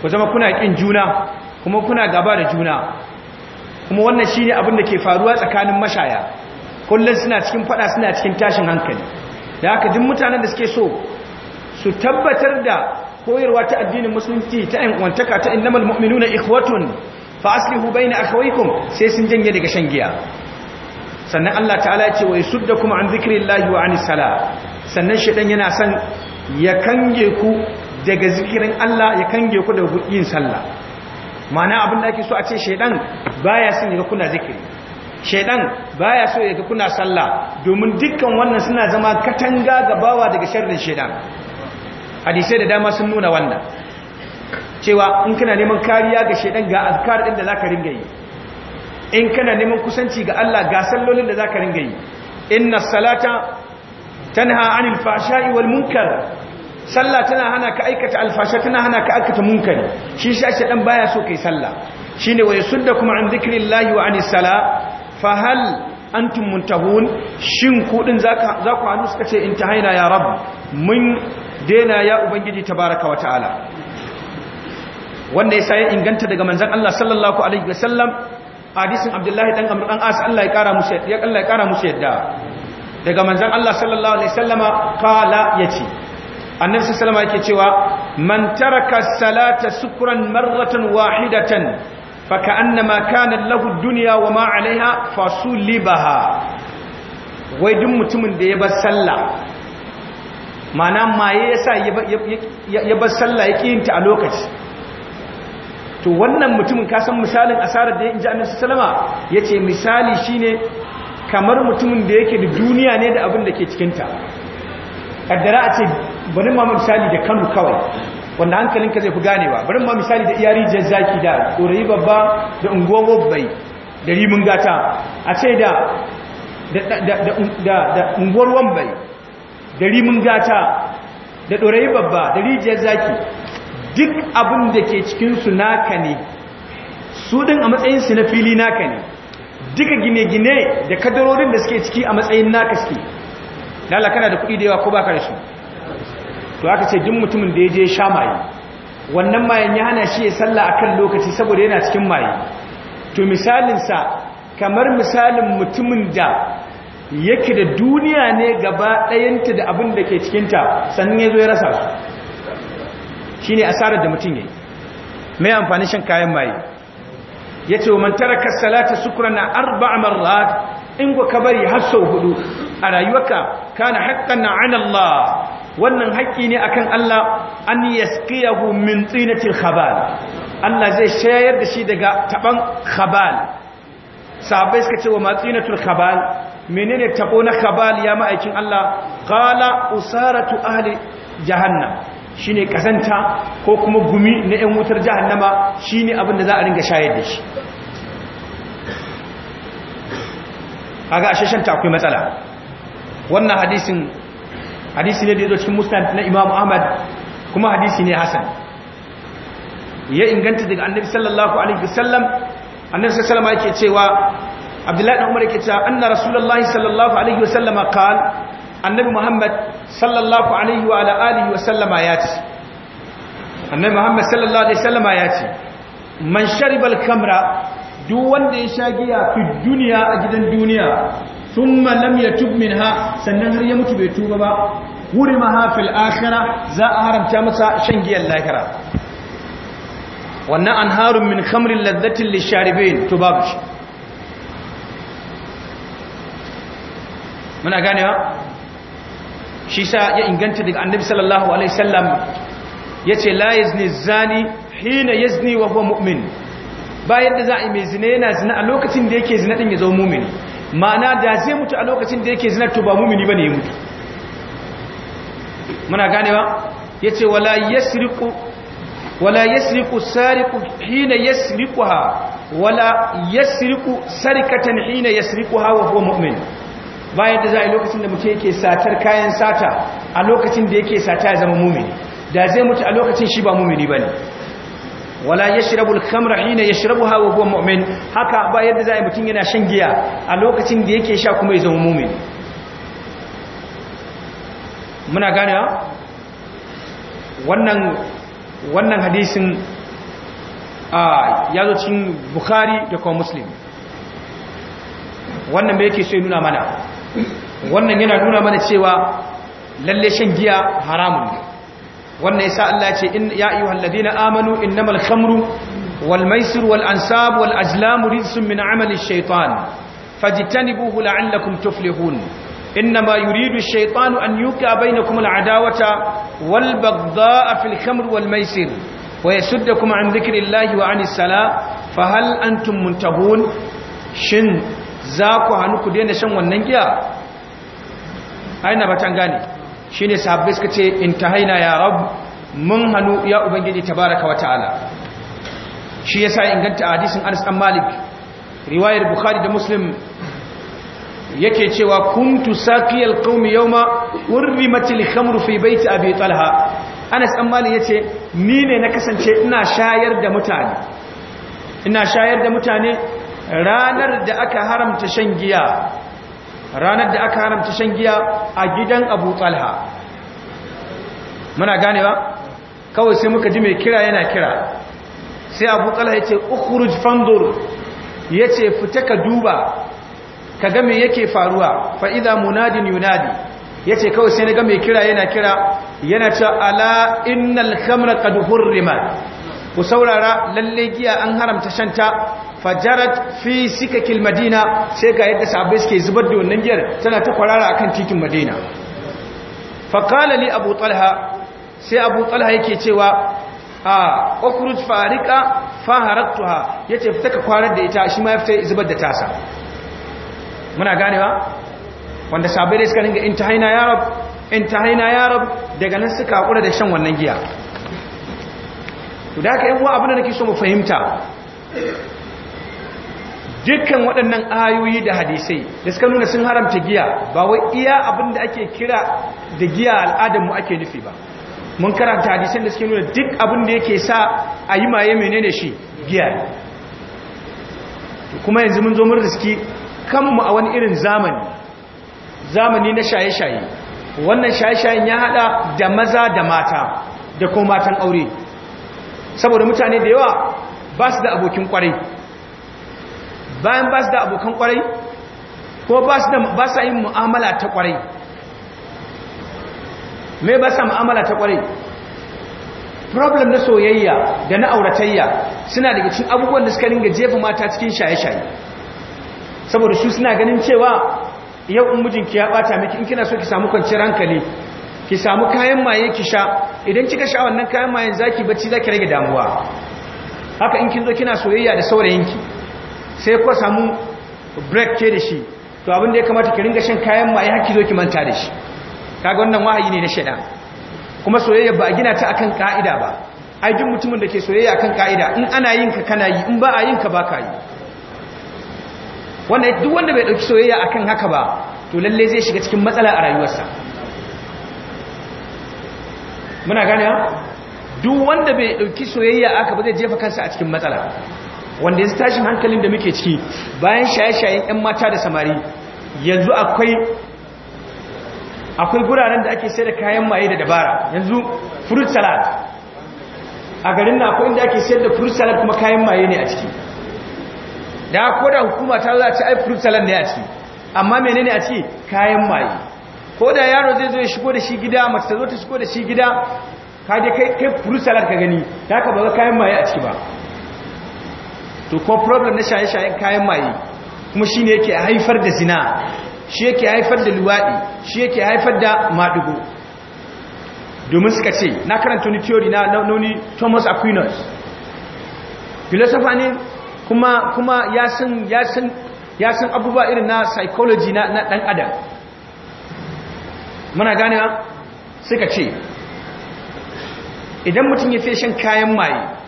ku zama kuna kin juna kuma kuna gaba da juna kuma wannan shi ne abin da ke faruwa tsakanin mashaya kullum suna cikin fada suna cikin tashin hankali da haka jin mutanen da suke so su tabbatar da koyarwa ta addinin musulunci ta yan wantaka ta innamal mu'minuna ikhwatun fa aslihu baina akhawaykum sai sun janye daga shan giya sannan Allah ta'ala ya ce wa yusuddakum an dhikrillahi wa anis sala sannan shedan yana son ya kange ku daga zikirin Allah ya kange ku daga yin sallah Ma'ana abin da ake so a ce shaidan baya son yaga kuna zikiri shaidan baya so yaga kuna sallah domin dukkan wannan suna zama katanga ga bawa daga sharrin shaidan hadisai da dama sun nuna wannan cewa in kana neman kariya ga shaidan ga azkar din da zaka ringa yi in kana neman kusanci ga Allah ga sallolin da zaka ringa yi inna salata tanha anil fashai wal munkar Salla tana hana ka aikata alfasha tana hana ka aikata munkari shi shi ake dan baya so kai salla shine waye yasudda kuma an zikrillahi wa anis sala fa hal antum muntahun shin ku din zaka zaku hannu suka ce intahaina ya rabb mun dena ya ubangiji tabaaraka wa ta'ala wanda yasa ya inganta daga manzon Allah sallallahu alaihi wasallam hadisin Abdullahi dan Amr dan As Allah ya kara musu ya Allah ya kara musu yadda daga manzon Allah sallallahu alaihi wasallama qala yace annabi sallallahu alaihi yake cewa man taraka salata sukran marratan wahidatan faka'annama kana lahu dunya wa ma 'alaiha fasulibaha wai duk mutumin da ya bar sallah mana maye yasa ya bar sallah yake yin a lokaci to wannan mutumin ka san misalin asarar da ya inji annabi ya yace misali shine kamar mutumin da yake da duniya ne da abin da ke cikin ta kaddara a ce bari ma misali da kano kawai wanda hankalinka zai fi ba, bari ma misali da iyari jan zaki da tsorayi babba da ungogo bai da rimin gata a ce da da unguwar wambai da rimin gata da tsorayi babba da rijiyar zaki duk abin da ke cikinsu naka ne su din a matsayinsu na fili naka ne duka gine-gine da kadarorin da suke ciki a matsayin naka suke lalla kana da kuɗi da yawa ko baka da shi to aka ce duk mutumin da ya je sha maye wannan mayan ya hana shi ya sallah akan lokaci saboda yana cikin maye to misalinsa kamar misalin mutumin da yake da duniya ne gaba ɗayanta da abin da ke cikinta sannan ya zo ya rasa su shi ne asarar da mutum ya yi mai amfani shan kayan maye ya ce wa mantara kassalata sukura na arba'a marar in ku ka bari har sau hudu a rayuwarka kana haqqan 'ala Allah wannan haƙƙi ne akan Allah an hu min tinatil khabal Allah zai shayar da shi daga taɓon khabal sahabbai suka ce wa matsinatul khabal menene taɓo na khabal ya ma'aikin Allah qala usaratu ahli jahannam shine kazanta ko kuma gumi na 'yan wutar jahannama shine abin da za a ringa shayar da shi kaga ashe shan akwai matsala wannan hadisin hadisi ne da yake cikin musnad na Imam Ahmad kuma hadisi ne hasan ya inganta daga Annabi sallallahu alaihi wasallam Annabi sallallahu alaihi wasallam yake cewa Abdullahi ibn Umar yake cewa anna Rasulullahi sallallahu alaihi wasallam qaal Annabi Muhammad sallallahu alaihi wa ala alihi wasallama yace Annabi Muhammad sallallahu alaihi wasallama yace man sharibal kamra duk wanda ya sha giya fi duniya a gidan duniya thumma lam yatub minha sannan har ya mutu bai tura ba hurimaha fil akhirah za a haramta masa shan giyan lahira wannan anharun min khamrin ladhatin lisharibin to babu shi muna ganewa shi sa ya inganta daga annabi sallallahu alaihi wasallam yace la yazni zani hina yazni wa huwa mu'min bayan da za a yi mai zina yana zina a lokacin da yake zina ɗin ya zama mu'mini ma'ana da zai mutu a lokacin da yake zinar tuba ba mumini bane ya mutu muna ganewa yace wala yasriqu wala yasriqu sariku hina ha wala yasriqu sarikatan hina ha wa huwa mu'min bayan da zai lokacin da mutu yake satar kayan sata a lokacin da yake sata ya zama mumini da zai mutu a lokacin shi ba mumini bane wala yashrabu al-khamra hina yashrabuha wa huwa mu'min haka ba yadda zai mutun yana shan giya a lokacin da yake sha kuma ya zama mu'min muna gane wannan wannan hadisin ya yazo cikin bukhari da kuma muslim wannan me yake so nuna mana wannan yana nuna mana cewa lalle shan giya haramun ne wannan yasa Allah ya ce in ya ayyuhal ladina amanu innamal khamru wal maisir wal ansab wal azlam rijsun min amali shaytan fajtanibuhu la'allakum tuflihun إنما يريد الشيطان أن يوقع بينكم العداوة والبغضاء في الخمر والميسر ويسدكم عن ذكر الله وعن الصلاة فهل أنتم منتهون شن زاكو هنكو دين شن وننجيا أين shine sabbis ka ce in ta haina ya rab mun hannu ya ubangiji baraka wa ta'ala shi ya sa inganta hadisin Anas dan Malik riwayar Bukhari da Muslim yake cewa kuntu saqiyal qaumi yawma urrimatil khamru fi baiti abi talha Anas dan Malik yace ni ne na kasance ina shayar da mutane ina shayar da mutane ranar da aka haramta shan giya ranar da aka haramta shan giya a gidan abu talha muna ganewa kawai sai muka ji mai kira yana kira sai abu talha ya ce ukuruj fandur ya ce fita ka duba ka ga me yake faruwa fa'iza munadin yunadi ya ce kawai sai na ga mai kira yana kira yana ce ala innal kamar qad hurrimat ku saurara lalle giya an haramta shanta fajarat fi sikakil madina sai ga yadda sahabbai suke zubar da wannan giyar tana ta kwarara akan titin madina faqala li abu talha sai abu talha yake cewa a ukhruj farika ce yace fita ka kwarar da ita shi ma ya fita zubar da tasa muna ganewa wanda sabai da suka ringa intahaina ya rab intahaina ya rab daga nan suka hakura da shan wannan giya to da haka yan uwa abin da nake so mu fahimta dukkan waɗannan ayoyi da hadisai da suka nuna sun haramta giya ba wai iya abin da ake kira da giya al'adar mu ake nufi ba mun karanta hadisan da suke nuna duk abin da yake sa a yi maye menene shi giya kuma yanzu mun zo mun riski kanmu a wani irin zamani zamani na shaye-shaye wannan shaye-shayen ya haɗa da maza da mata da kuma matan aure saboda mutane da yawa ba su da abokin kwarai bayan ba su da abokan kwarai ko ba su yin mu'amala ta kwarai mai ba su mu'amala ta kwarai problem na soyayya da na auratayya suna daga cikin abubuwan da suka ringa jefa mata cikin shaye-shaye saboda su suna ganin cewa yau in mijinki ya bata miki in kina so ki samu kwanciyar hankali ki samu kayan maye ki sha idan kika sha wannan kayan mayen zaki bacci zaki rage damuwa haka in kin zo kina soyayya da saurayinki sai kuwa samu break ke da shi to abin da ya kamata ki ringa shan kayan ma'ai haki zo ki manta da shi kaga wannan wahayi ne na shaidan kuma soyayya ba a gina ta akan ka'ida ba ai duk mutumin da ke soyayya akan ka'ida in ana yin ka kana yi in ba a yin ka ba ka yi wanda duk wanda bai dauki soyayya akan haka ba to lalle zai shiga cikin matsala a rayuwarsa muna gane duk wanda bai dauki soyayya aka ba zai jefa kansa a cikin matsala wanda ya tashin hankalin da muke ciki bayan shaye-shayen 'yan mata da samari yanzu akwai akwai guraren da ake sai da kayan maye da dabara yanzu fruit salad a garin na akwai inda ake sai da fruit salad kuma kayan maye ne a ciki da ko da hukuma ta za ta ai fruit salad ne a ciki amma menene a ciki kayan maye ko da yaro zai zo ya shigo da shi gida mace ta zo ta shigo da shi gida ka je kai fruit salad ka gani da ka ba kayan maye a ciki ba to ko problem na shaye-shayen kayan maye kuma shi ne yake haifar da zina shi yake haifar da luwaɗi shi yake haifar da maɗugo domin suka ce na karanta wani teori na nauni thomas aquinas filosofa ne kuma kuma ya san abubuwa irin na psychology na ɗan adam muna gane suka ce idan mutum ya feshin kayan maye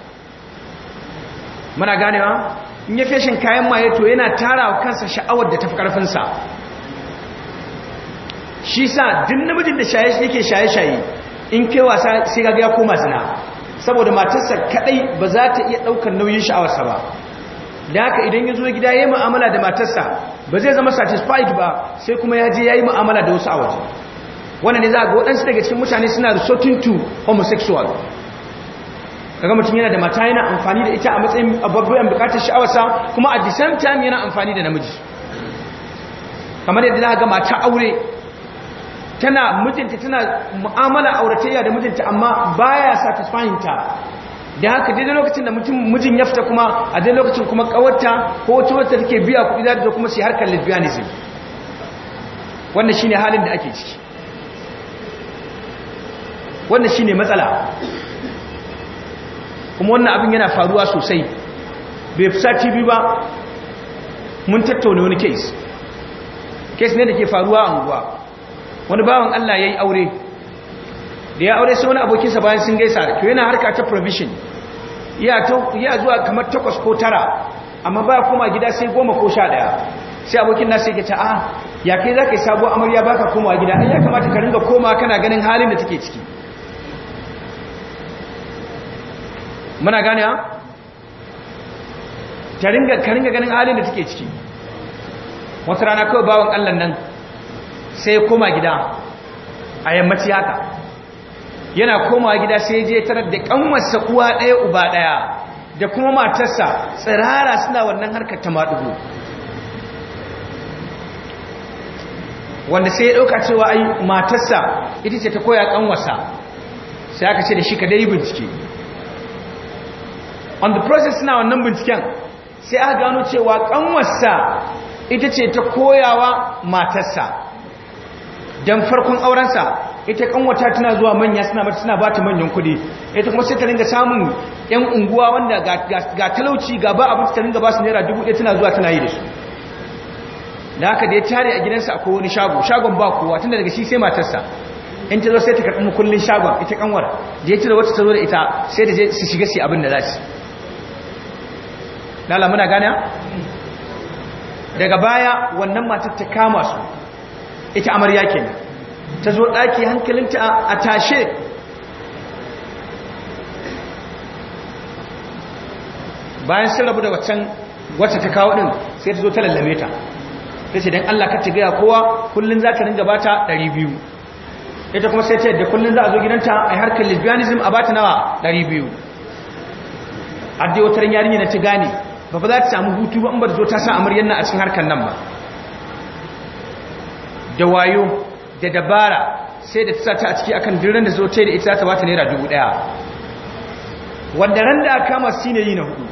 muna ganewa in ya feshin kayan maye to yana tara kansa sha'awar da tafi sa shi sa duk namijin da shaye yake shaye-shaye in kai wasa sai ga ya koma zina saboda matarsa kadai ba za ta iya daukar nauyin sha'awarsa ba da haka idan ya zo gida ya yi mu'amala da matarsa ba zai zama satisfied ba sai kuma ya je ya yi mu'amala da wasu a waje wannan ne za ga waɗansu daga cikin mutane suna resorting to homosexual kaga mutum yana da mata yana amfani da ita a matsayin babban bukatar sha'awarsa kuma a the same yana amfani da namiji kamar yadda za ga mata aure tana mijinta tana mu'amala auratayya da mijinta amma baya satisfying ta da haka dai-dai lokacin da mutum mijin ya fita kuma a dai lokacin kuma kawarta ko wata wata take biya kuɗi da ta kuma sai harkar lesbianism wannan shine halin da ake ciki wannan shine matsala kuma wannan abin yana faruwa sosai bai fi sati biyu ba mun tattauna wani case case ne da ke faruwa a unguwa wani bawan Allah ya yi aure da ya aure sai wani abokinsa bayan sun gaisa da kyau yana harka ta provision iya zuwa kamar takwas ko tara amma ba koma gida sai goma ko sha ɗaya sai abokin nasu yake ta a ah, ya kai za ka yi sabuwa amarya ba ka koma gida an ya kamata ka ringa koma kana ganin halin da take ciki muna gane ha ta ringa ganin halin da take ciki wata rana kawai bawan allan nan sai koma gida a yammaci haka yana koma gida sai je tarar da kanwarsa uwa ɗaya uba ɗaya da kuma matarsa tsirara suna wannan harkar ta maɗugo wanda sai ya ɗauka cewa ai matarsa ita ce ta koya kanwarsa sai aka ce da shi ka dai bincike on the process na wannan binciken sai aka gano cewa kanwarsa ita ce ta koyawa matarsa dan farkon aurensa ita kanwata tana zuwa manya suna ba suna bata manyan kudi ita kuma sai ta ringa samun yan unguwa wanda ga talauci ga ba abin ta ringa ba su naira dubu ɗaya tana zuwa tana yi da su da haka da ya tare a gidansa a wani shago shagon ba kowa tunda daga shi sai matarsa in ta zo sai ta karɓi kullun shagon ita kanwar da ya cire wata ta zo da ita sai da su shiga shi abin da za su lala muna gane daga baya wannan matar ta kama su ita amarya ne. ta zo ɗaki hankalinta a tashe bayan sun rabu da waccan wacce ta kawo ɗin sai ta zo ta lallame ta ta ce don Allah ka ta gaya kowa kullum za ta ringa bata 200 ita kuma sai ta yadda kullum za a zo gidanta a harkar lesbianism a ba ta nawa 200 addewa ta yarinya na ta gane ba ba za ta samu hutu ba in ba zo ta sa amaryan nan a cikin harkar nan ba da wayo da dabara sai da ta ta a ciki akan diran da zo ta da ita ta bata naira dubu daya wanda ran da aka kama yi na hudu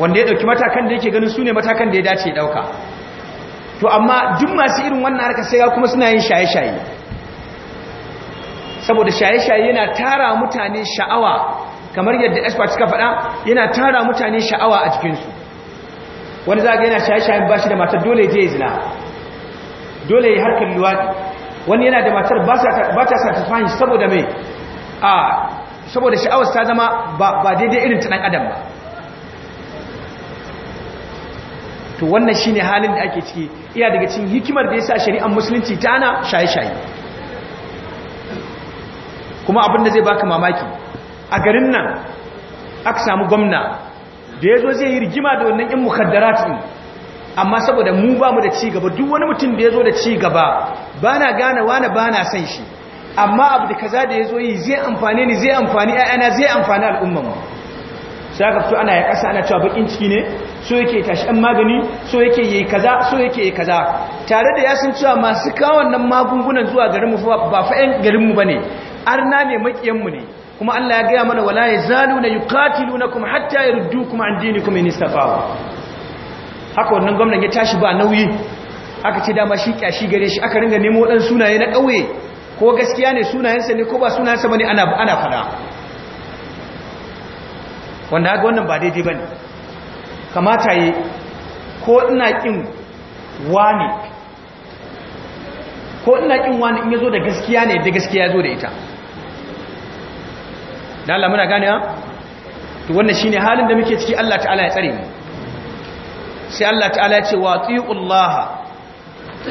wanda ya dauki matakan da yake ganin su ne matakan da ya dace ya dauka to amma duk masu irin wannan harka sai ya kuma suna yin shaye-shaye saboda shaye-shaye yana tara mutane sha'awa kamar yadda expert suka faɗa yana tara mutane sha'awa a cikinsu wani zaga yana shaye-shayen shi da matar dole je zina dole ya harkar luwaɗi wani yana da matar ba ta satisfying saboda mai a saboda sha'awar ta zama ba daidai irin ta ɗan adam ba to wannan shine halin da ake ciki iya daga cikin hikimar da yasa shari'ar musulunci ta ana shaye-shaye kuma abin da zai baka mamaki a garin nan aka samu gwamna da ya zo zai yi rigima da wannan in mukaddarati amma saboda mu ba mu da ci gaba duk wani mutum da ya zo da ci gaba ba na gane wane ba na san shi amma abu da kaza da ya zo yi zai amfani ni zai amfani ayana zai amfani al'ummanmu sai aka fito ana ya kasa ana cewa bakin ciki ne so yake tashi an magani so yake yi kaza so yake yi kaza tare da ya san cewa masu kawon nan magungunan zuwa garinmu ba fa 'yan garinmu ba ne arna ne makiyanmu ne kuma Allah ya gaya mana wala na yuqatilunakum hatta kuma an dinikum in istafa'u haka wannan gwamnan ya tashi ba nauyi aka ce dama shi kyashi gare shi aka ringa nemo dan sunaye na kauye ko gaskiya ne sunayensa ne ko ba sunayensa bane ana ana fada wanda haka wannan ba daidai bane kamata yi ko ina kin wani ko ina kin wani in yazo da gaskiya ne da gaskiya yazo da ita da Allah muna ganewa to wannan shine halin da muke ciki Allah ta'ala ya tsare mu sai Allah ta'ala ya ce wa atiullaha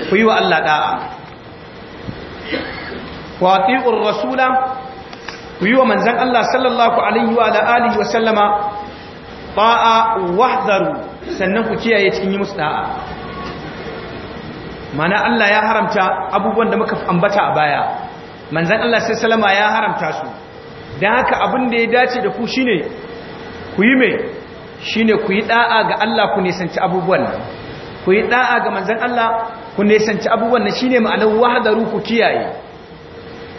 ku yi wa Allah da'a wa atiur rasula ku yi wa manzon Allah sallallahu alaihi wa alihi wa sallama ta'a wahdaru sannan ku kiyaye cikin yi musu da'a mana Allah ya haramta abubuwan da muka ambata a baya manzon Allah sallallahu alaihi wa ya haramta su da haka abin da ya dace da ku shine ku yi mai shine ku yi da'a ga Allah ku nesanci abubuwan nan ku yi da'a ga manzon Allah ku nesanci abubuwan nan shine ma'anar wahdaru ku kiyaye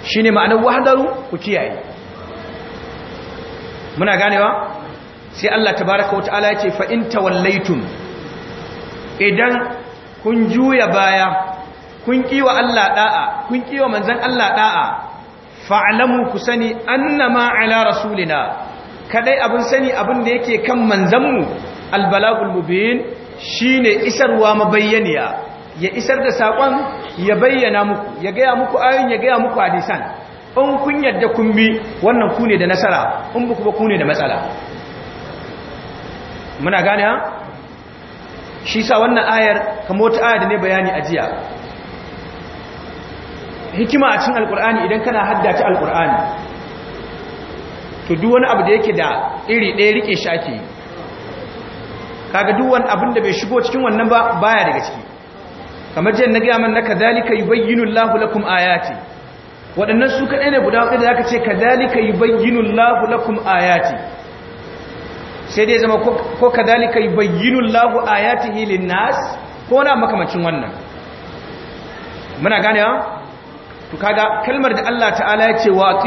shine ma'anar wahdaru ku kiyaye muna ganewa sai Allah tabaaraka wataala ya ce fa in tawallaitum idan kun juya baya kun kiwa Allah da'a kun kiwa manzon Allah da'a fa'alamu ku sani annama ala rasulina Kaɗai abin sani abin da yake kan manzanmu albalagul mubin shine isarwa mabayyaniya ya isar da saƙon ya bayyana muku ya gaya muku ayoyin ya gaya muku hadisan in kun yadda kun bi wannan ku ne da nasara in ba ku ne da matsala muna gane ha shi sa wannan ayar kamar wata ayar da ne bayani a jiya hikima a cikin alkur'ani idan kana haddace alkur'ani to duk wani abu da yake da iri ɗaya rike shi ake yi kaga duk wani abin da bai shigo cikin wannan ba baya daga ciki kamar jiya na gaya man na yi yubayyinu Allahu lakum ayati waɗannan su kaɗai ne guda hudu da zaka ce yi yubayyinu Allahu lakum ayati sai dai zama ko kadhalika yubayyinu Allahu ayatihi lin-nas ko na makamacin wannan muna ganewa to kaga kalmar da Allah ta'ala ya ce wa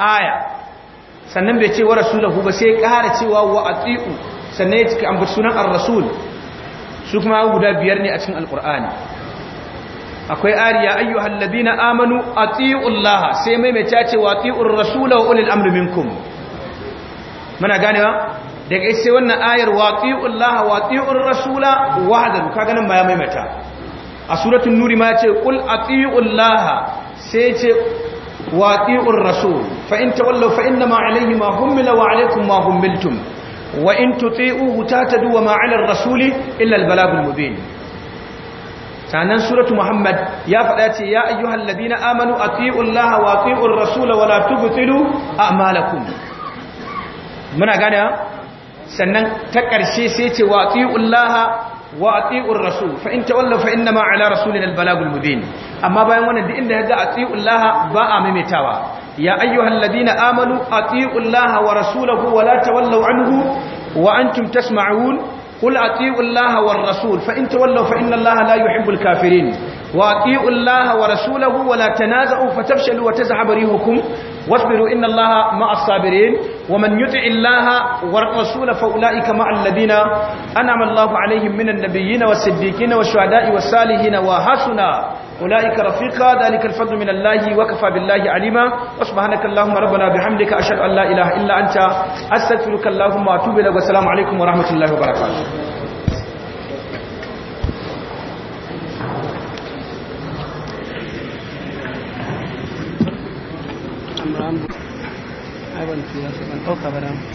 aya sannan bai ce wa rasulahu ba sai ƙara cewa wa sannan ya cika ambaci sunan ar-rasul su kuma guda biyar ne a cikin alqur'ani akwai ariya ayyuhal ladina amanu atiullaha sai mai mai ta ce wa atiur rasula wa ulil amri minkum muna ganewa daga sai wannan ayar wa atiullaha wa atiur rasula wahdan kaga nan ba ya maimaita a suratun nuri ma ce ƙul a Laha. sai ce wa tsi'ur rasu fa'in ta wallo fa'in na ma'alaihi ma hummila wa alaikun ma hummiltum wa in tutsi'uhu ta ta duwa ma'alar rasuli illal balagul mubin sanan suratu muhammad ya faɗa ce ya ayyuhal na amanu atiullaha wa atiur rasula wala tubtilu a'malakum muna gane sannan ta ƙarshe sai ce wa Laha. واطيعوا الرسول فان تولوا فانما على رسولنا البلاغ المبين اما bayan wannan duk inda yaga atiiu Laha ba a maimaitawa ya ladina amanu atiiu Laha wa rasulahu wa la tawallu anhu wa antum tasma'un قل أطيعوا الله والرسول فإن تولوا فإن الله لا يحب الكافرين وأطيعوا الله ورسوله ولا تنازعوا فتفشلوا وتزعب ريحكم واصبروا إن الله مع الصابرين ومن يطع الله والرسول فأولئك مع الذين أنعم الله عليهم من النبيين والصديقين والشهداء والصالحين وحسنا أولئك رفيقا ذلك الفضل من الله وكفى بالله عليما وسبحانك اللهم ربنا بحمدك أشهد أن لا إله إلا أنت أستغفرك اللهم وأتوب إليك والسلام عليكم ورحمة الله وبركاته I wouldn't feel it.